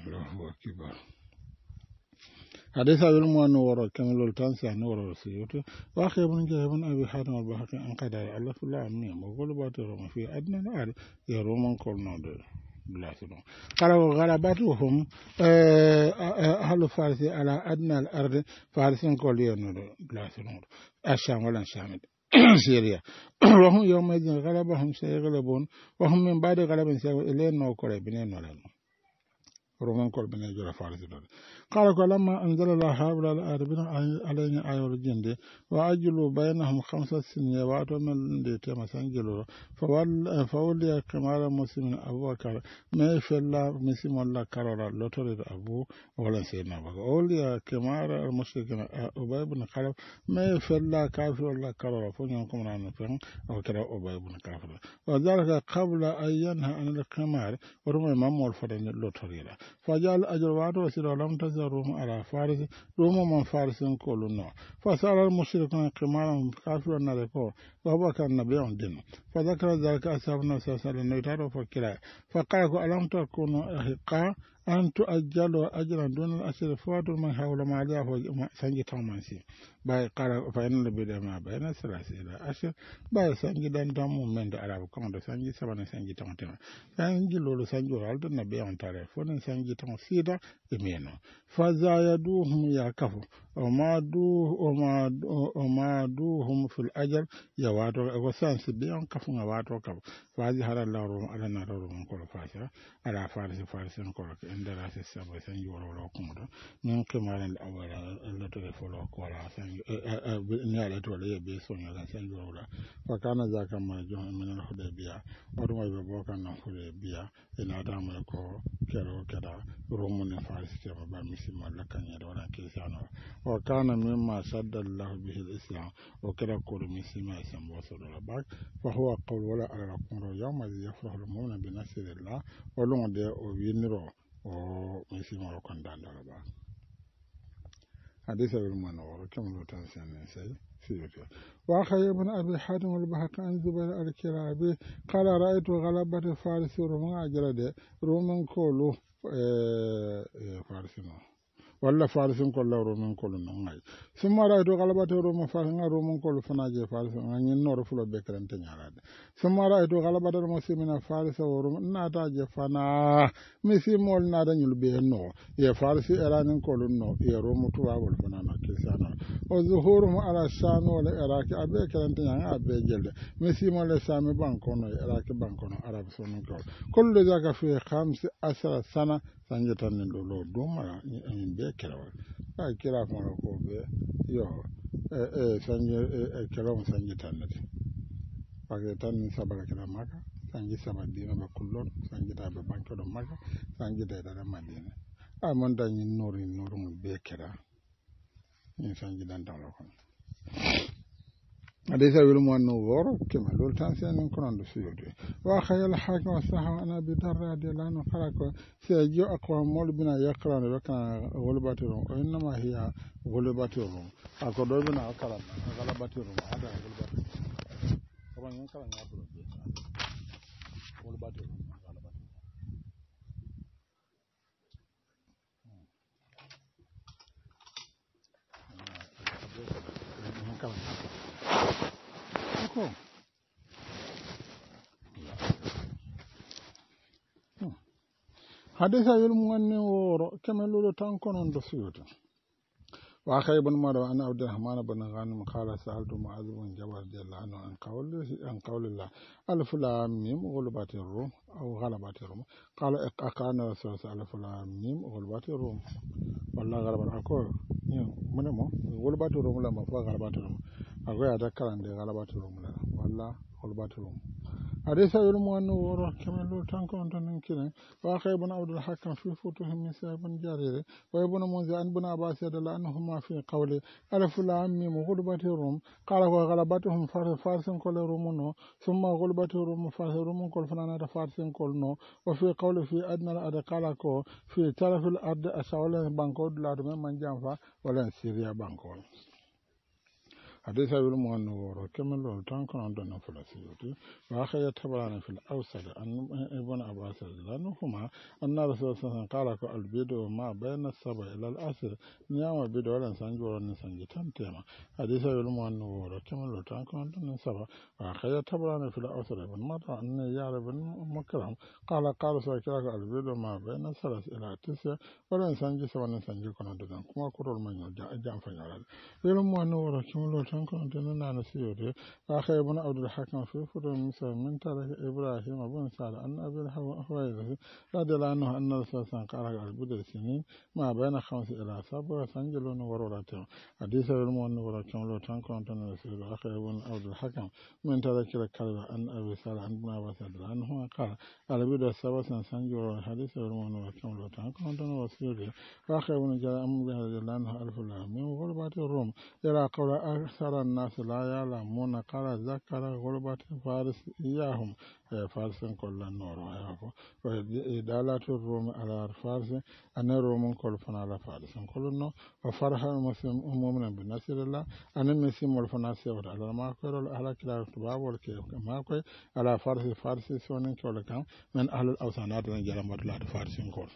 allahu akibar حديث أبي المؤمن وراء كمل التنسى عن وراء السيوطي وأخي ابن جهب بن أبي حاتم البحقي أن قد ألف الله عمية وغلبات روما في أدنى الأرض يا روما قلنا بلا سنو قال وغلبتهم أهل فارس على أدنى الأرض فارس قلنا بلا سنو الشام ولا شامل seria Siria. majin bahum قالوا لما أنزل الله هؤلاء الآدمين علينا آية الجند وأجلوا بينهم خمسة سنين وأتمن ليتم سنجلوا فولي كمال مسلم أبو بكر ما في الله مسلم الله كرر لطرد أبو ولا سيدنا بكر أولي كمال المشركين أبي بن خلف ما في الله كافر الله كرر فنيكم رأنا فهم أو كرا أبي بن كافر وذلك قبل أن ينهى عن الكمال ورمي ممول فرن لطرد فجعل أجل وعد وسيد ولم تزل da ruhun arafari ruhun manfarisin kolonu fasarar musulun kimanin kafin na da kowa babakar na biyan dinu fazakar zarka asabu na sassari na ita da fakira fakar ku alamtar kuno a an to a jalo a donal asira fawatol man hawla ma ala ho sanji tawman si ɓay na faynala beɗe ma ɓayna sala a asir bay sanji dan dan mum men de arabe konɗo sanji sabana sanji tan tema sanji lolu sanji o altanna ɓe on tare fonen sanji tan sida e meno fa zayaduhum ya o ma du oma duhum fil ajar ya wato ko sansi ɓe on kafu ga wato kafo ala na lawroma ko fa fasira ala farisi fa kolo ke endara se sabo sen yorolo kumudo min kemaren awara ni ala be fakana zaka e ma jo min al hudaybiya wadu ma be bokan na hudaybiya ina da ma ko kero kada romu ne ke ba misima la kanya da wala wa kana sadda allah bihi al islam wa kada ko misima san fa huwa qawl wala ala yawma yafrahu al bi nasrillah wa o o on simaro kandandara ɓa hadi sawir man oro kemlo tan sanen sey sirt wakaye bon abi hadimol bahaka an zubair alkirabi kala raytu galabate farisi romo ajara de romankolu e eh, eh, farisi noo walla falisinkol lawro min kolu nongay summara to galabato ro mo falinga ro mon kolu fanaje falso ngani noro fulo be krante nyarade summara to galabato ro mo simina falso woro nata je fana mi simol na da nyul be no ye falsi era nin kolu no ye ro mo tuwa wol fana na kisana o zuhuru mo ala shan wala era ki abe krante nyanga abe jelde mi simol le sami banko no era ki banko no arab sonu ko kullu zakafi khamsi asra sana sanjatan nin do lo do ma en be kɛlɛw n'a kira kuma ko bɛɛ yɔ sanji kɛlɛw sanji tan ne pake tan ni saba ka kira maka sanji saba dina ba kullon sanji ta ba banko da maka sanji da da madina a man da yin nori nori mun be kira in sanji dan dawo kono أليس بالمؤن وور كما لول تانسي أن كنون دسيوت وأخي الحاكم والصحابة أنا بدر رضي الله عنه خلق سيجو أقوى مول بنا يقرأ غلبات الروم وإنما هي غلباتهم أقوى دول بنا غلبات الروم هذا غلبات الروم طبعا ينقرأ نعبد غلباتهم غلبات الروم እኮ حديث المغني كما لولو تانكون عند سيوت وأخي بن مرة أن عبد الرحمن بن غانم قال سألت معاذ بن جبل رضي الله عنه عن قول عن قول الله ألف لام ميم غلبت الروم أو غلبت الروم قال أقان رسول الله ألف لام ميم غلبت الروم والله غلبت الأكل من غلبت الروم لما فوق غلبت الروم ako yata kalande alabatulum la walla olbatulum أليس يعلم أنه وراء كما لو تنك أنت ننكرن وأخي ابن عبد الحكم في فتوه من سابن جرير وابن منذ أن ابن عباس يدل أنهما في قوله ألف العم غلبة الروم قال وغلبتهم فارس كل رومون ثم غلبة الروم فارس روم كل فنانة فارس كل نو وفي قول في أدنى الأرض قال في تلف الأرض أسأل بانكو دلار من جانفا ولا سيريا بانكو حديث أبي المؤمن وورو كمل لول تانكون عندنا فلسيوتي وآخر يتبعنا في الأوسط أن ابن عباس لأنهما أن رسول الله صلى الله عليه وسلم قال البدو ما بين السبع إلى الأسر نعم بدو لن سنجور نسنج تنتيما حديث أبي المؤمن وورو كمل لول تانكون عندنا سبع وآخر يتبعنا في الأوسط ابن مطر أن يعرف ابن مكرم قال قال سأكرك البدو ما بين الثلاث إلى التسع ولن سنجي سوى نسنجي كنا دنا كما كرول من يجعل جعل فنجعل أبي المؤمن وورو كمل لول فنكم دننا نسيوري أخي ابن عبد الحكم في فر موسى من تارك إبراهيم بن سعد أن أبي الحوائز رضي الله عنه أن الرسول صلى الله عليه وسلم قال سنين ما بين خمس إلى سبع سنجلون ورورتهم حديث المؤمن ورورتهم لو تنكم دننا نسيوري أخي ابن عبد الحكم من تارك الكلمة أن أبي سعد أن ابن عباس رضي عنه قال البدء سبع سنجلون حديث المؤمن ورورتهم لو تنكم دننا نسيوري أخي ابن جاء أمر رضي الله عنه ألف الله من غربات الروم إلى قول أكثر أكثر الناس لا يعلمون قال ذكر غربة فارس إياهم فارس كل النور وإدالة الروم على فارس أن الروم كل فن على فارس كل النور وفرح المسلم مؤمنا بنصر الله أن المسلم والفناس يورد على ما قال على كلا الكباب والكيف ما قال على فارس فارس سونين كل كان من أهل الأوثانات من جلمر لا فارس كل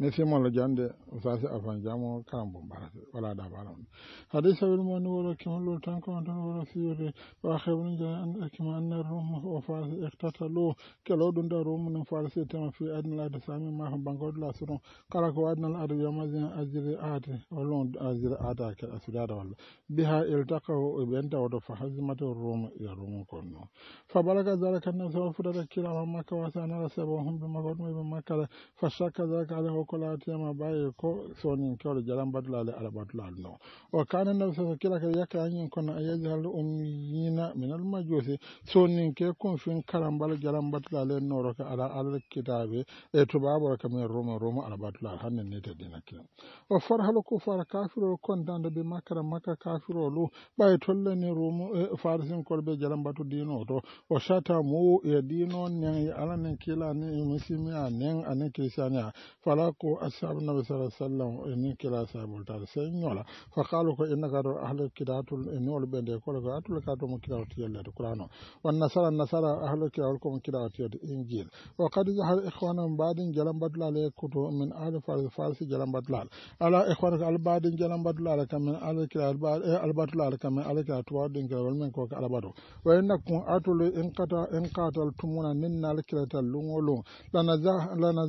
mi simolo jande usasi afan jamo karambo barate wala da baram hade sawir mo ni woro kim lo tan ko tan woro siyore wa khabrun ja an akima an rum o fas iqtatalo kelo dun da rum nan farse tema fi adna da sami ma han bangod la suru kala ko adna al adu yamazin ajri ate walon ajri ata ka asudada wala biha iltaqa o benta o fa hazmatu rum ya rum konno fa balaka zalika an sawfuda kila makka wa sana sabahum bi magod bi makka fa shaka zalika alayhi ko laatiyama baye ko sonin kewɗo jalan badulale ala badulale no o kane nde soso kilaka yakka hañin kono a yeji halde on um yina minal ma joosi sonin ke kon fin karambala jalan badulale noro ka ala ala kitabe e to babora ka min roma roma ala badulale hannde nete dina kilam o far halo ko far kafiro kontanta be makara makka kafiro lu ɓaye tolle ni rumo e farisin kol be jalan batu dino to o sata mo e dino nen ya e ala nen kila ni e musimi a nen anen kristiani a fala ko asabu nabi sallallahu alaihi wasallam ni kila sabul tar sai nyola fa qalu ko innaka ru ahlul kitatul nol de ko ko atul ka to mo kitabul tiyalla to qur'ano wan nasara nasara ahlu kitabul ko mo kitawti yalla injil wa qad zahar ikhwanum ba'din jalam badla le kutu min al fal falsi jalam badla ala ikhwanak al ba'din jalam badla kam min al kitatul al badla kam min al kitatul wadin jalam men ko ala badu wa innakum atul in qata in qatal qataltumuna minna al kitatul lungo lana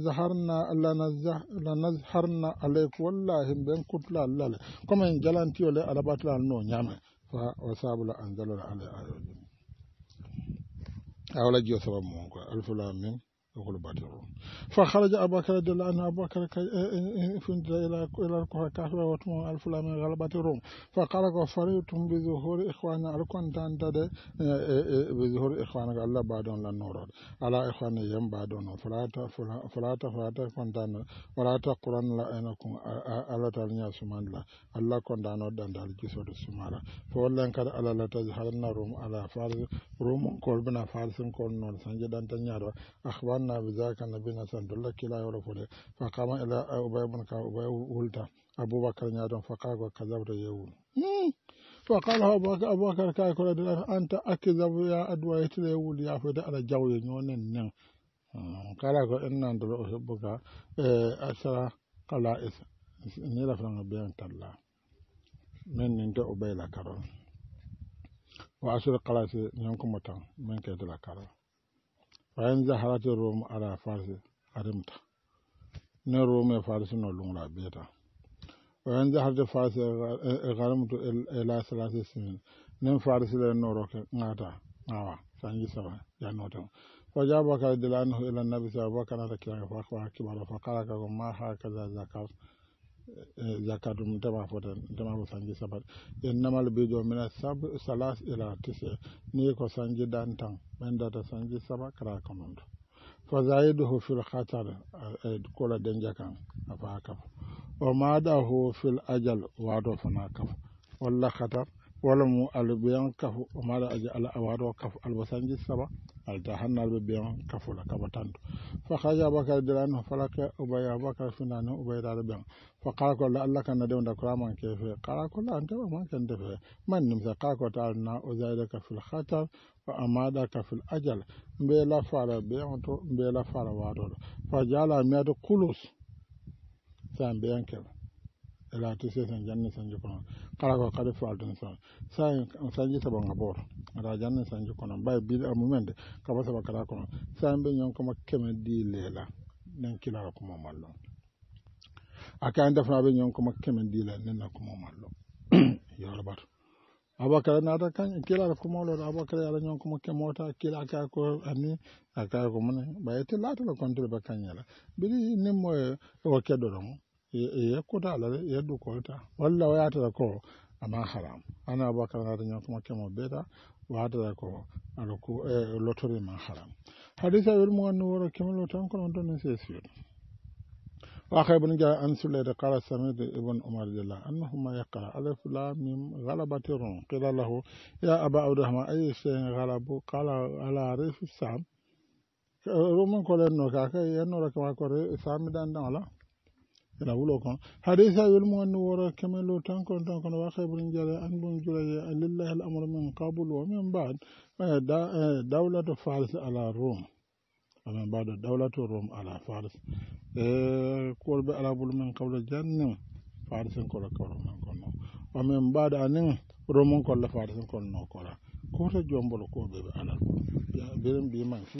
zaharna lana zah lanasharna alayk wallahi ben kutlal lale comme en jalantiole alaɓatlal no ñame fa o sabula an jalola ala ayojum awala jiyo sababu mon quoi alfulamin يقول باتر فخرج أبا بكر رضي الله عنه أبا بكر فند إلى إلى الكفر كافر وتم ألف لا من غلبة الروم فقال فريتم بظهور إخوانا ألكون تاندد بظهور إخوانا الله بعدون لا نور على إخوانا يم بعدون فلا فلا فلا فلا كنتان ولا تقرن لا أنكم على تلنيا سمان لا الله كنتان ودان دالجي سود سمارا فولا كد على لا تجهلنا روم على فارس روم كل بنا فارس كل نور سنجدان تنيارو أخبار amanna bi zaka na san dolla kila yoro fode fa kama ila eh, ubay ibn ka ubay hulta abubakar nya don fa kago kazabta yewul hmm. fa qala abubakar abubakar ka ko da ake akzabu ya adwa yitile yewul ya da ala jawye nyonen nan hmm. kala ko en nan dolla uhibbuka eh, asara kala isa, ni la fanga biyan talla min nin ta ubay la wa asir kala la fayin zaharatin rom ala farsi arimta ne rom e farsi no lungra beta fayin zaharatin farsi arimta ila salasi sinin nin farsi da noro ke ngata ngawa yi saba ya notan fa jaba ka nuhu ila nabi sa bakana ta kira fa kibara fa kala ka ma haka za zakar zakatu dama fota dama ko sanji sabat en namal mina sab salas ila tise ni ko sanji dantan men ta sanji saba kara kamando fa hu fil khatar eh, eh, kola denja kan afa kaf o hu fil ajal wado fana kaf walla khatar wala mu albiyan kafu omaɗa aji ala awaro kafu albasanji saba alta hannalɓe ɓeyan kafu la kabatan fa haji abacar dirano falaka ubay abacar finani ubayraɗo ɓen fa kala ko allaka na dewda kuraman kefe kala ko la ma man ken defe man nim kala ko taal na o zayda ka fil hatar fa amaɗa ka fil ajal be la fara be onto be la fara waɗoɗo fa jala miado kulus sa mbeyan kela ela ti sesen janni sanji kono kala ko kadi faltun sa sayin sanji saba nga boro janni sanji kono mbawi bide a mumende kaba saba kala kono sayin ɓe ñon koma keme di kuma mallon a kayan defna ɓe ñon koma keme di kuma mallon yoro bato abakara nata kañ kilala kumoloɗo abakara yala kila ka ko ani a kaya ko mune ɓaye tellatola kontele ba o ya eh, eh, kuta alare eh, ya dukwanta wanda waya ta ko a ma haram ana ba ka na ranya kuma kemo beta wa ta ko a ruku lotori ma haram hadisa yi mu wani wuri kemo lotan kuma don ne sai su yi wa kai bin ga an sula da kara sami da ibn umar Jala jalla annahumma ya kara alif la mim ghalabati rum qila lahu ya aba abdurrahman ayy shay ghalabu qala ala rif sam rumun ko le ka kai yanno rakama kama re sami dan ala لا ولوكن حديث هذا المؤمن ورا كمل وتان كن تان كن واخبر ان جل ان بن جل لله الامر من قبل ومن بعد دولة فارس على الروم ومن بعد دولة الروم على فارس قول على بول من قبل جن فارس كل كرم كن ومن بعد ان روم كل فارس كن نو كرا كورا جومبلو كوبي على بيرم بيمان في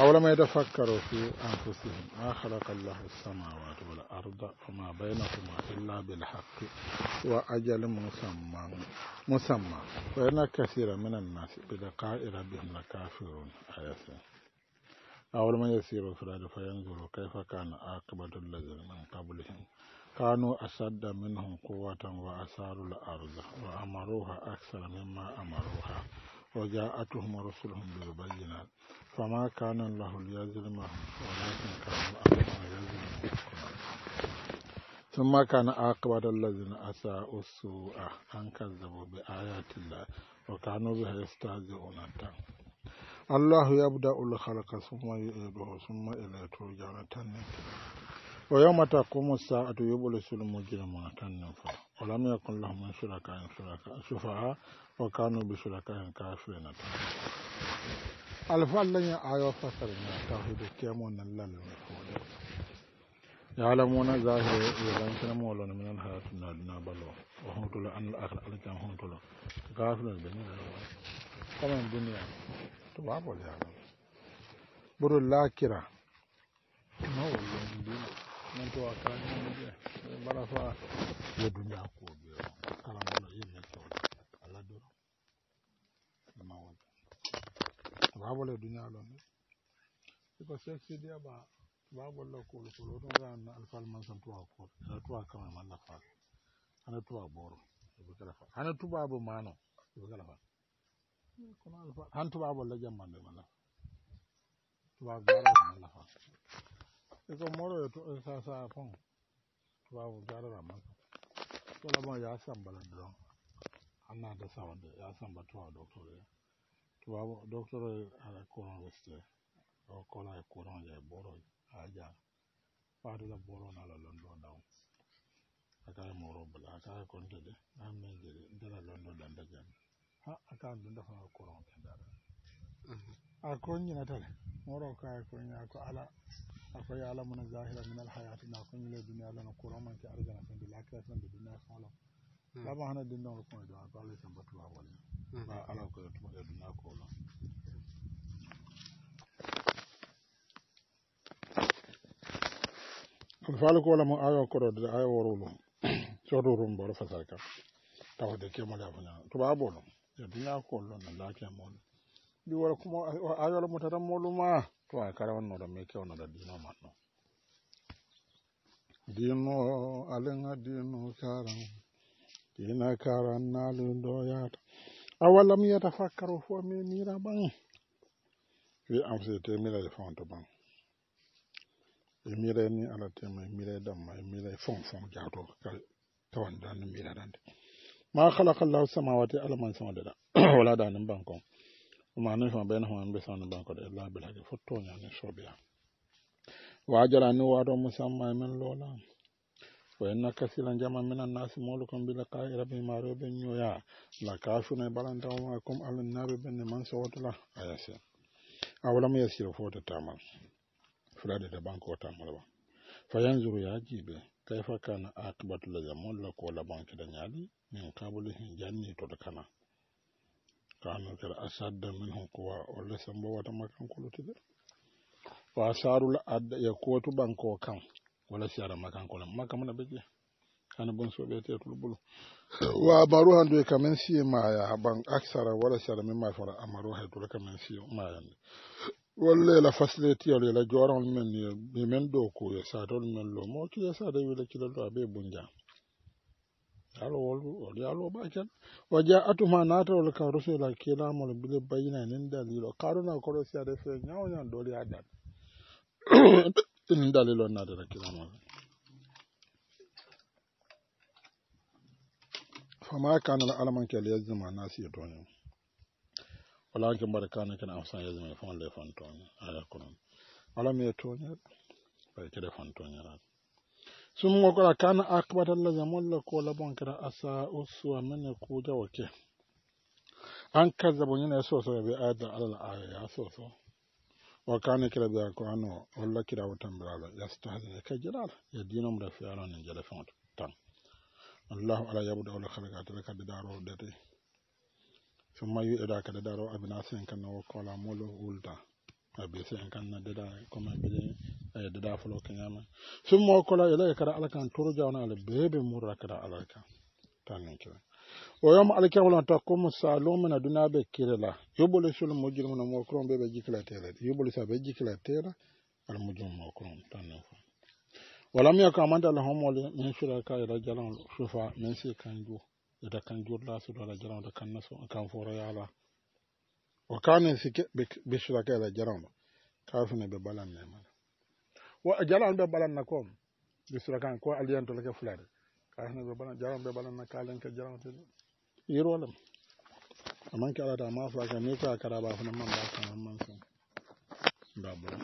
أولم يتفكروا في أنفسهم ما خلق الله السماوات والأرض وما بينهما إلا بالحق وأجل مسمى مسمى وإن كثيرا من الناس بلقاء ربهم لكافرون آية أولم يسيروا في الأرض فينظروا كيف كان عاقبة الذين من قبلهم كانوا أشد منهم قوة وأثاروا الأرض وأمروها أكثر مما أمروها وجاءتهم رسلهم بالبينات فما كان الله ليظلمهم ولكن كانوا أنفسهم يظلمون ثم كان عاقبة الذين أساءوا السوء أن كذبوا بآيات الله وكانوا بها يستهزئون الله يبدأ الخلق ثم يعيده ثم إليه ترجعون ويوم تقوم الساعة يبلس المجرمون تنفر ولم يكن لهم من شركاء شفعاء فكانوا بشركاء كافرين الفعل لن يعيو فسر ما تاخد كيمون للمحول يعلمون ظاهر يغان سنمولون من الحياة النادنا بلو وهم تلو أن الأخر ألي كان هم تلو كافرين بني الله كما الدنيا تبابو لها برو الله كرا ما هو اللي من دين من توقع كان يدنيا كودي كلام الله يدنيا wawole duniya lon iko seksidiya ba wawolla kuolo kuolo oɗum ran alfalman san tuwa kuolo ana tuwa kame malla fal ana tuwa boro eɓe kala fal hana tubabo mano eɓe kala fal kono alfal han tubabolla jammande malla fal tuba garora malla fal iko moro e sa sa pon ya samba tuwa docteur ya tubabu docteur ala courant resté o kono e courant je boro haja fadula boro na la londo daw akare moro bala akare konte de amme je de la londo danda jam ha akare dunda fa courant ke dara mhm. a konni na tale moro ka e konni ko ala ako ya ala mun zahira min al hayati na konni le dunya la courant man ke arga na fendi lakira fendi dunya khalo ba ba hana dinna ko ɗon a paale semba tubabole ba ba ala koye tumaɗe duniya dinna ko faali ko ko la walamo ayo do so rum bor korode ayo worolo sotorum boro fasal kam tawde kemole afaña tubabolo e duniya kollo no laakemole ɗi wara kuma ayolo mo tata moluma to me ke wannoɗo da dinna ma no dino alenga dino karan ina karannaalu ɗo yahata awa lam yata fakkaro fo mi mira ban wi am se temira e fonto ban e mira ni ala tema e mira damma e mira fon fon jato kal tawan dan mira dan ma khalaqa allahu samawati ala man sama dada wala dan ban ko ma ne fon ben hon be son ban ko de la bilaje fotto nyane sobiya wa jara ni wa do musamma e men lola fayinna kasila jama min annasi mawlukum bilaqai rabbi maroɓe ñoya la kasuna e balantawma comme allah naɓe ɓenne man sowotola ayase awalam yasiro fota tamal fulade de banque o tamal wa fa yanzuru ya jiɓe kayfa kana aqibatu laya molla ko la banque da ñaali min kabule hen janni toto kana kano kada asadda min hon kowa o lesa mbowata makan kolotide wa sarula adda e kotu banque o kam wala siyara ma kankolam ma kamana beƴƴe hano bon so ɓeyete tulbolu wa amaro hande kamen si maya haban aksara wala siyara min ma fora amaro haydura kamen si mayande walla la fasle tiyal yela jorol men mimen do ko ya satol men lo mo ki ya sada wi la kilal do be bunja alo wol o di alo ba kan wa ja atuma nata wala ka rusula kila mo bile bayina nin dalilo karuna ko rusya de fe nyaw nyaw do li adat ɗum dalilon nadata kiramaɓe fama kanal alamanke lyasdima nasiye toñum walaanke mbaɗa kane kene amsan yasdima fon le fan toñe aya ko noon alam ye toñere ɓay kede fan toñerade sumugo kola kane aqibata llahi molla ko labon kata asa ussuwa mene kujawo ke an kasabo ñine soso ɓe ayda alal aya ya soso o kane kiraɓe alqur'an o holla kirawo tambiraɗo yastahsine ka jirala e dinomre feyaronin jele feŋoto tan allahu ala yabuda ola halgatele kadi daro dete summa wiɗeɗa kadi daro abina sen kanna wo kola molo wulta abi sen kanna deda comme bili e deda folo keñama summa o kola ilaye kada ala kan torjawna ala beɓe murra kada ala kan tan nin kira o yom alkewlanta kom salumen aduna ɓe kirela yoɓole sol mojjul mono mokrom ɓe ɓe jikla tera ɗi yoɓole sa ɓe jikla tera al mojjul mokrom tanne fo wala miya ko amande allah homole min suraka ira jalan sufa min si kanju ida kan jurla sudo ala jalan da kan naso kan foro yala o kane sike ɓe suraka ira jalan ɗo kafine ɓe balan ne mana wa jalan ɓe balan na kom ɓe suraka ko aliyantolake fulade kahina ɓe ɓalan jaran ɓe ɓalanna kalen ke jarantede yirolem amanke alata ma faka ni ko a karaɓa fana man mba kan man sen mba ɓola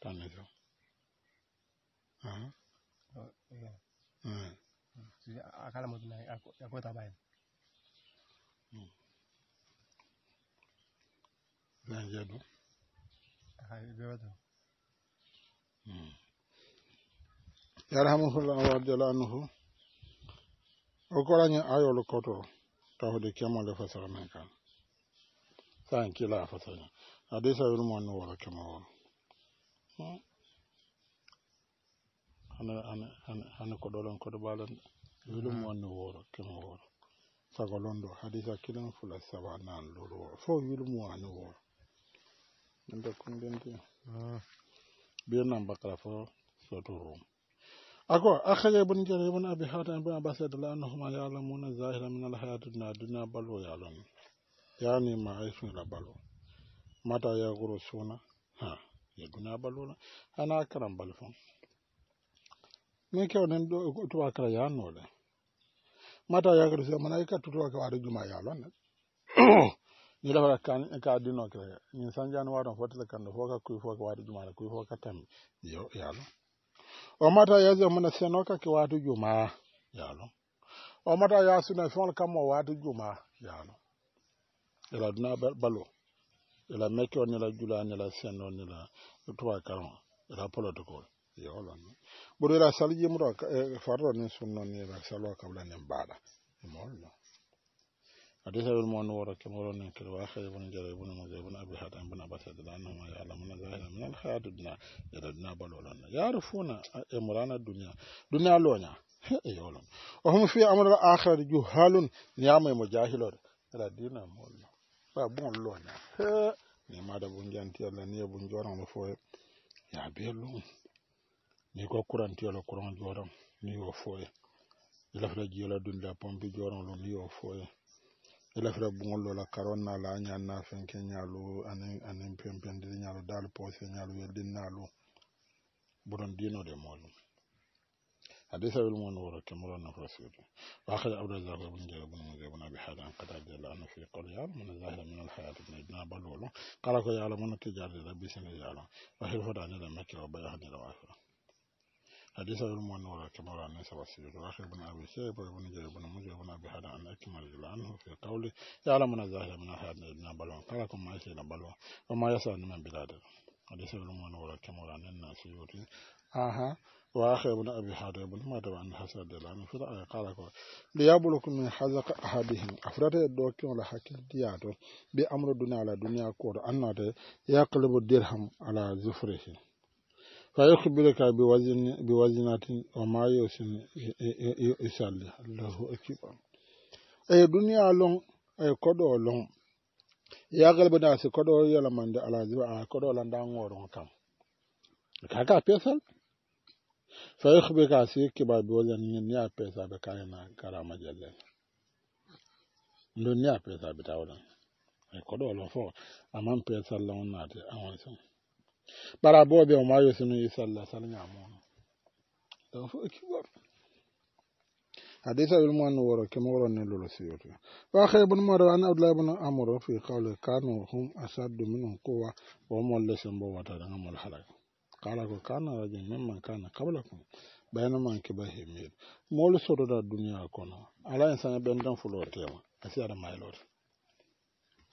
tanne to akala mo tuna akota bayen lan jeeɗo ɓewato yarhamuhullah wardiallahu anhu o koranye ayolu koto tawde kemole fasara men kan san kila fasara hadisa yuru mon wala kema won ana ana ana ana ko dolon ko balan yuru mon wora kema won sago londo hadisa kilan fula saba nan lolo fo yuru mon wora nda kun den ti hmm. bi nan bakra fo soto rom ako akhaje bon jere bon abi hata bon ambassade la no ma yala mona zahira min al hayat dunya dunya balo yalon yani ma aifun la balo mata ya guru suna ha ya guna balo la ana karam balfon me ke onen do to akra yano le mata ya guru suna mana ka tutu ka wadu juma yalon na ni la ka ka dino kre ni sanjan waro fotel kando foka kuy foka wadu juma la kuy foka tam yo yalon ya o mata yeso mune seno kake waatu jumaa yaalon o mata yasune feŋol kammo waatu jumaa yaalon ila duna balo ila mekkeo nila jula nila senno nila tuwa kaŋo ila politikol yolon ɓuri ila saljimuto eh, farto nin sunno ni ila salwa kabla nin baɗa imolno حديث أبي المؤمن ورك ان كل واحد ابن جرير ابن مزي ابن أبي حاتم ابن أبي حاتم لأنهم يعلمون ظاهرا من الحياة الدنيا يردنا بلولون يعرفون إمران الدنيا دنيا لونيا نعم. يولون أيوة وهم في أمر الآخر جهال نعم مجاهلون ردنا مولون فبون لونيا نما da bunjan tiyalla ni bun joran lo أنا ya belu ni ko kuran tiyalla kuran joran ni yo foye ila fala jiyola dunda pompi joran lo ni yo ilafira buŋol lo la karon na la a na fenke ñaalu anin anin pempendiri ñaalu daal poose ñaalu yeldin naalu buron diino de moolu حديث أبي المنور كما رأى النفسير وأخذ أبو الرزاق بن جابر بن مزيد بن أبي حاتم قد رضي الله عنه في قول يعلم من الظاهر من الحياة بن ابن بلول قال يعلم أنك جاري ربي سنة يعلم وهي الفرع نذا مكة وبيها نذا وآخره حديث المؤمن ولا كما عن الناس وسيد واخر بن ابي شيبه وابن جرير بن مجر بن ابي هذا ان اكمل عنه في قوله يعلمنا ظاهر من هذا ابن بلوان قالكم ما شيء بلوان وما يسال من بلاده حديث المؤمن ولا كما عن الناس يوتي اها واخر بن ابي هذا بن ما تبع عن حسد الان في الايه قال ليبلغكم من حزق احدهم افراد الدوك ولا حكي دياتو بامر الدنيا على دنيا كور ان يقلب الدرهم على زفره فيخبرك بوزن بوزنة وما يوسن يسال الله أكبر أي دنيا لون أي كدو لون يا غلب ناس كدو يلا من دا على زبا كدو لندا ngorong kam kaka pesal فيخبرك أسيك بوزن يا pesal بكاينا كرامة جلنا دنيا pesal بتاولا أي كدو لون فو أمام pesal لون ناتي أوانسون ɓara booɓe o maayo sinu isa allah salñamuno ɗon fo kiɓor hadisa ɓilmoanni woro kemoworonni lolo siyoto wa xeebun moore an abdoulah bne amoro fi qawle kanu hum asaddu minum quwa wo molle sembo watarangamol halak qala ko kana radi memman kana qabla kum baynaman kibahi mir moolu sotoda duniya kono ala en sange ɓen dan fulo tema asi aɗa maylote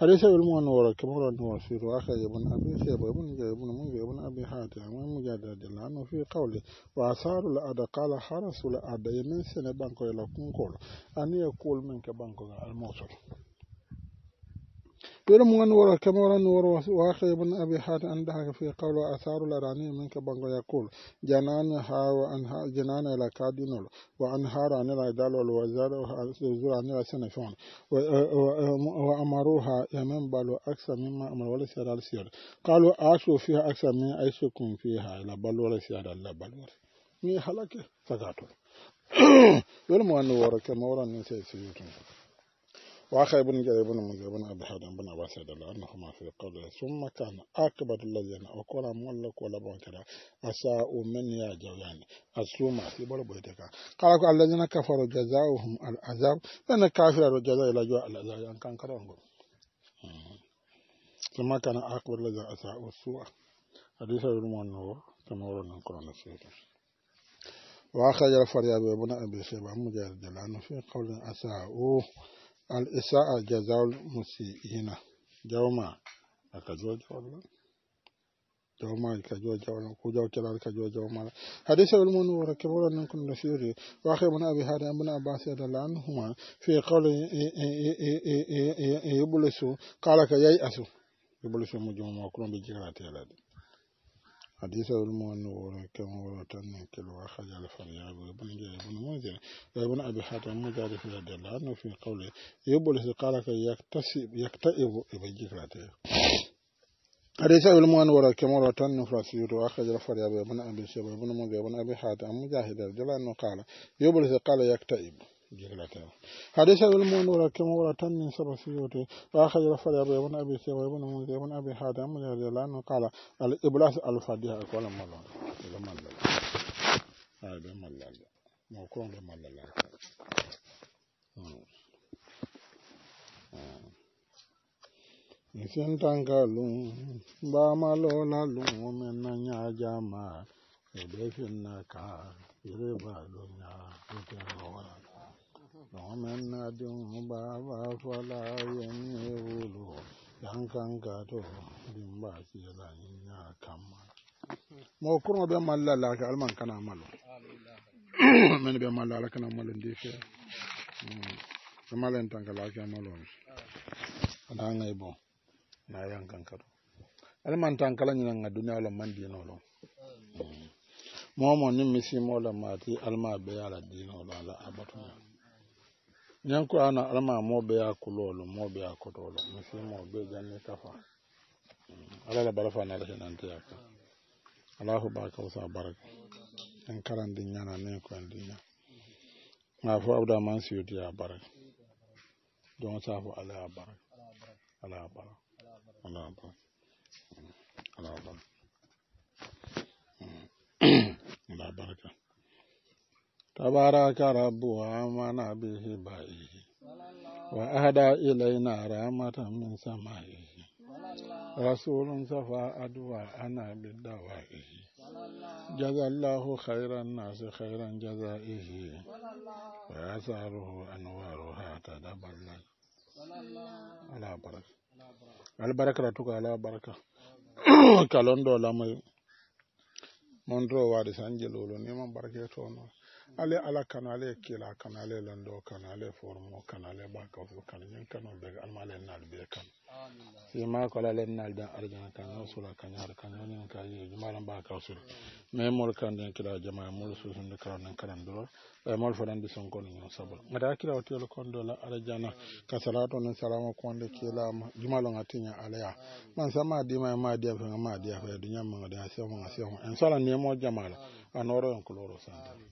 حديث المؤمن ورك مرن وفير واخذ ابن ابي ثيب ابن ابن منجي ابن ابي حاتم ومجدد لانه في قوله واثار الاد قال حرس الاد يمن سنه بانكو لكم قول ان يقول منك بانكو الموصل بيرم ونور ورا كمورا ورا واخي بن أبي حاتم عندها في قول أثار الأراني منك بانغو يقول جنان ها وأنها جنان إلى كادينول وأنهار عن العدال والوزارة وزور عن السنفون وأمروها يمن بالو أكثر مما أمر ولا سير السير قالوا عاشوا فيها أكثر من عيشكم فيها إلى بل ولا سير إلا بل ولا مي حلقة فقاتل بيرم ونور ورا كمورا نسيت سيوتنا وأخي ابن جرير بن منذر بن أبي حاتم بن أبي سعيد أنهما في قوله ثم كان اكبر الذين اقول ملك ولا بنكرا أساء من يا جويان أسوما في بول بيتك قالوا الذين كفروا جزاؤهم العذاب لأن الكافر الجزاء إلى جوع العذاب أن كان كرههم ثم كان اكبر الذين أساءوا السوء حديث المؤمن كما ورد قران السيد وأخرج الفريابي بن أبي شيبة مجاهد جلانه في قول أساءوا الإساءة جزاء المسيئين جوما أكذو جوما جوما أكذو جوما كذو كلا أكذو جوما حديث علمون وركبون أن يكون نسيري وأخي من أبي هذا من أباس هذا لأنهما في قول يبلسوا قالك يأسوا يبلسوا مجموعة وكلهم بجغلات هذا حديث المؤمن ولا كم ولا تن كل واحد على فرياب ابن جاي ابن ابن أبي حاتم مجاري في هذا قوله يبول يكتسب يكتئب أبي شيبة أبي حاتم مجاهد رجل أنه قال يبلس قال يكتئب جلته حديث المنور كما ورتن من سبع سيوت واخرج رفع ابي ابن ابي سيوت ابن موسى ابن ابي حاتم رضي الله عنه قال الابلاس الفضيحه قال مولى زمان لا هذا مولى ما كون مولى لا Isin tangalu ba malola lu men na nya jama ebe fin na ka ire ba lu nya ko te wala ɗomen adum baba fala yenne wulu yan kanka to ɗin ba siyala ya kamma mo kurma be malla la ka alman kana malo men be malla la kana malo ndi fe to hmm. malen tanka la ka malo ni ana ngai bo na yan kanka to alman tanka la nyina ngadu na lo mandi no lo hmm. momo ni misi mola mati alma be ala dino lo ala abatu ñaŋ ana alama mobe ya kulolo mobe ya kotolo be ye a be janni kafa mm, alala barafa na fana la hinantiya ka alahu ba kawsa baraka en karandi ñana nin ko en diña ma fo abda man siyuti ya baraka don sa fo ala ya baraka ala ya baraka ala ya baraka mm, ala ya baraka mm, ala ya baraka تبارك رب amana به بائه وأهدى إلينا ilaina من سمائه رسول rasulun safa adwa ana جزى الله خير الناس خيرا جزائه ويساره أنوارها تدبلا على بركة على بركة رتوك على بركة كالون دولا مي مونترو واري سانجلولو نيمان بركة تونو ale ala kano ale kila kano ale lando kano ale formo kano ale baka fu kano yin kano be alma ale nal be kan si ma ko la le nal da arjana kan no sura kan yar kan no nin ka yi jumala baka sura me mol kan den kila jama mol su sun de kan nan kan dur Eh, mal son sonkoni ñon sabol gada hakkila watiyol la ala jana ka salato nen salama konde kilama jumaloga tiña alaya man sa ma dima e ma diya fega ma diya fe duñammaga de a sewmaga sewma en sola nemo jamala a noro en kuloro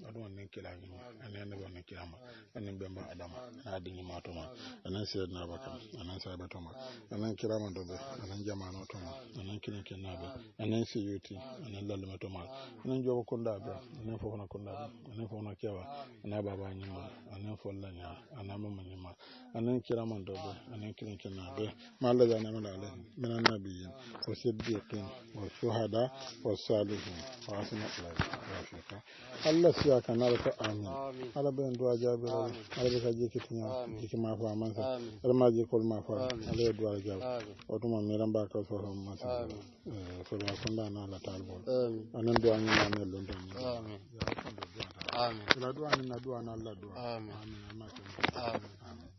ma aɗum annen kilañima anenebe onen kilama anen ɓemba adama ana diñima ma anen seednaba kam anen saɓe toma anen kilama doɓe anen jamano toma anen kilinkinnaɓe anen siyuti anen lallume toma anen joɓo kundaɓe anen fofna kundaɓe anen fofna kewa ana baba nyima ana folla nya ana mama nyima ana kira man dobe do kira kiran kina be malla da na mala alai min annabiyin wa siddiqin wa shuhada wa salihin wa asma Allah ilaika Allah siya kana ta amin ala bayan du'a jabira ala baka je kitinya jiki ma fa mansa ala ma je kol ma fa ala ya du'a jabira o man miran ba ka so ho ma mansa eh, so ba kun da na la talbo anan du'a ni ma ne london amin ya kun da amin. Kila dua ni na dua na Allah dua. Amin. Amin. Amin. Amin.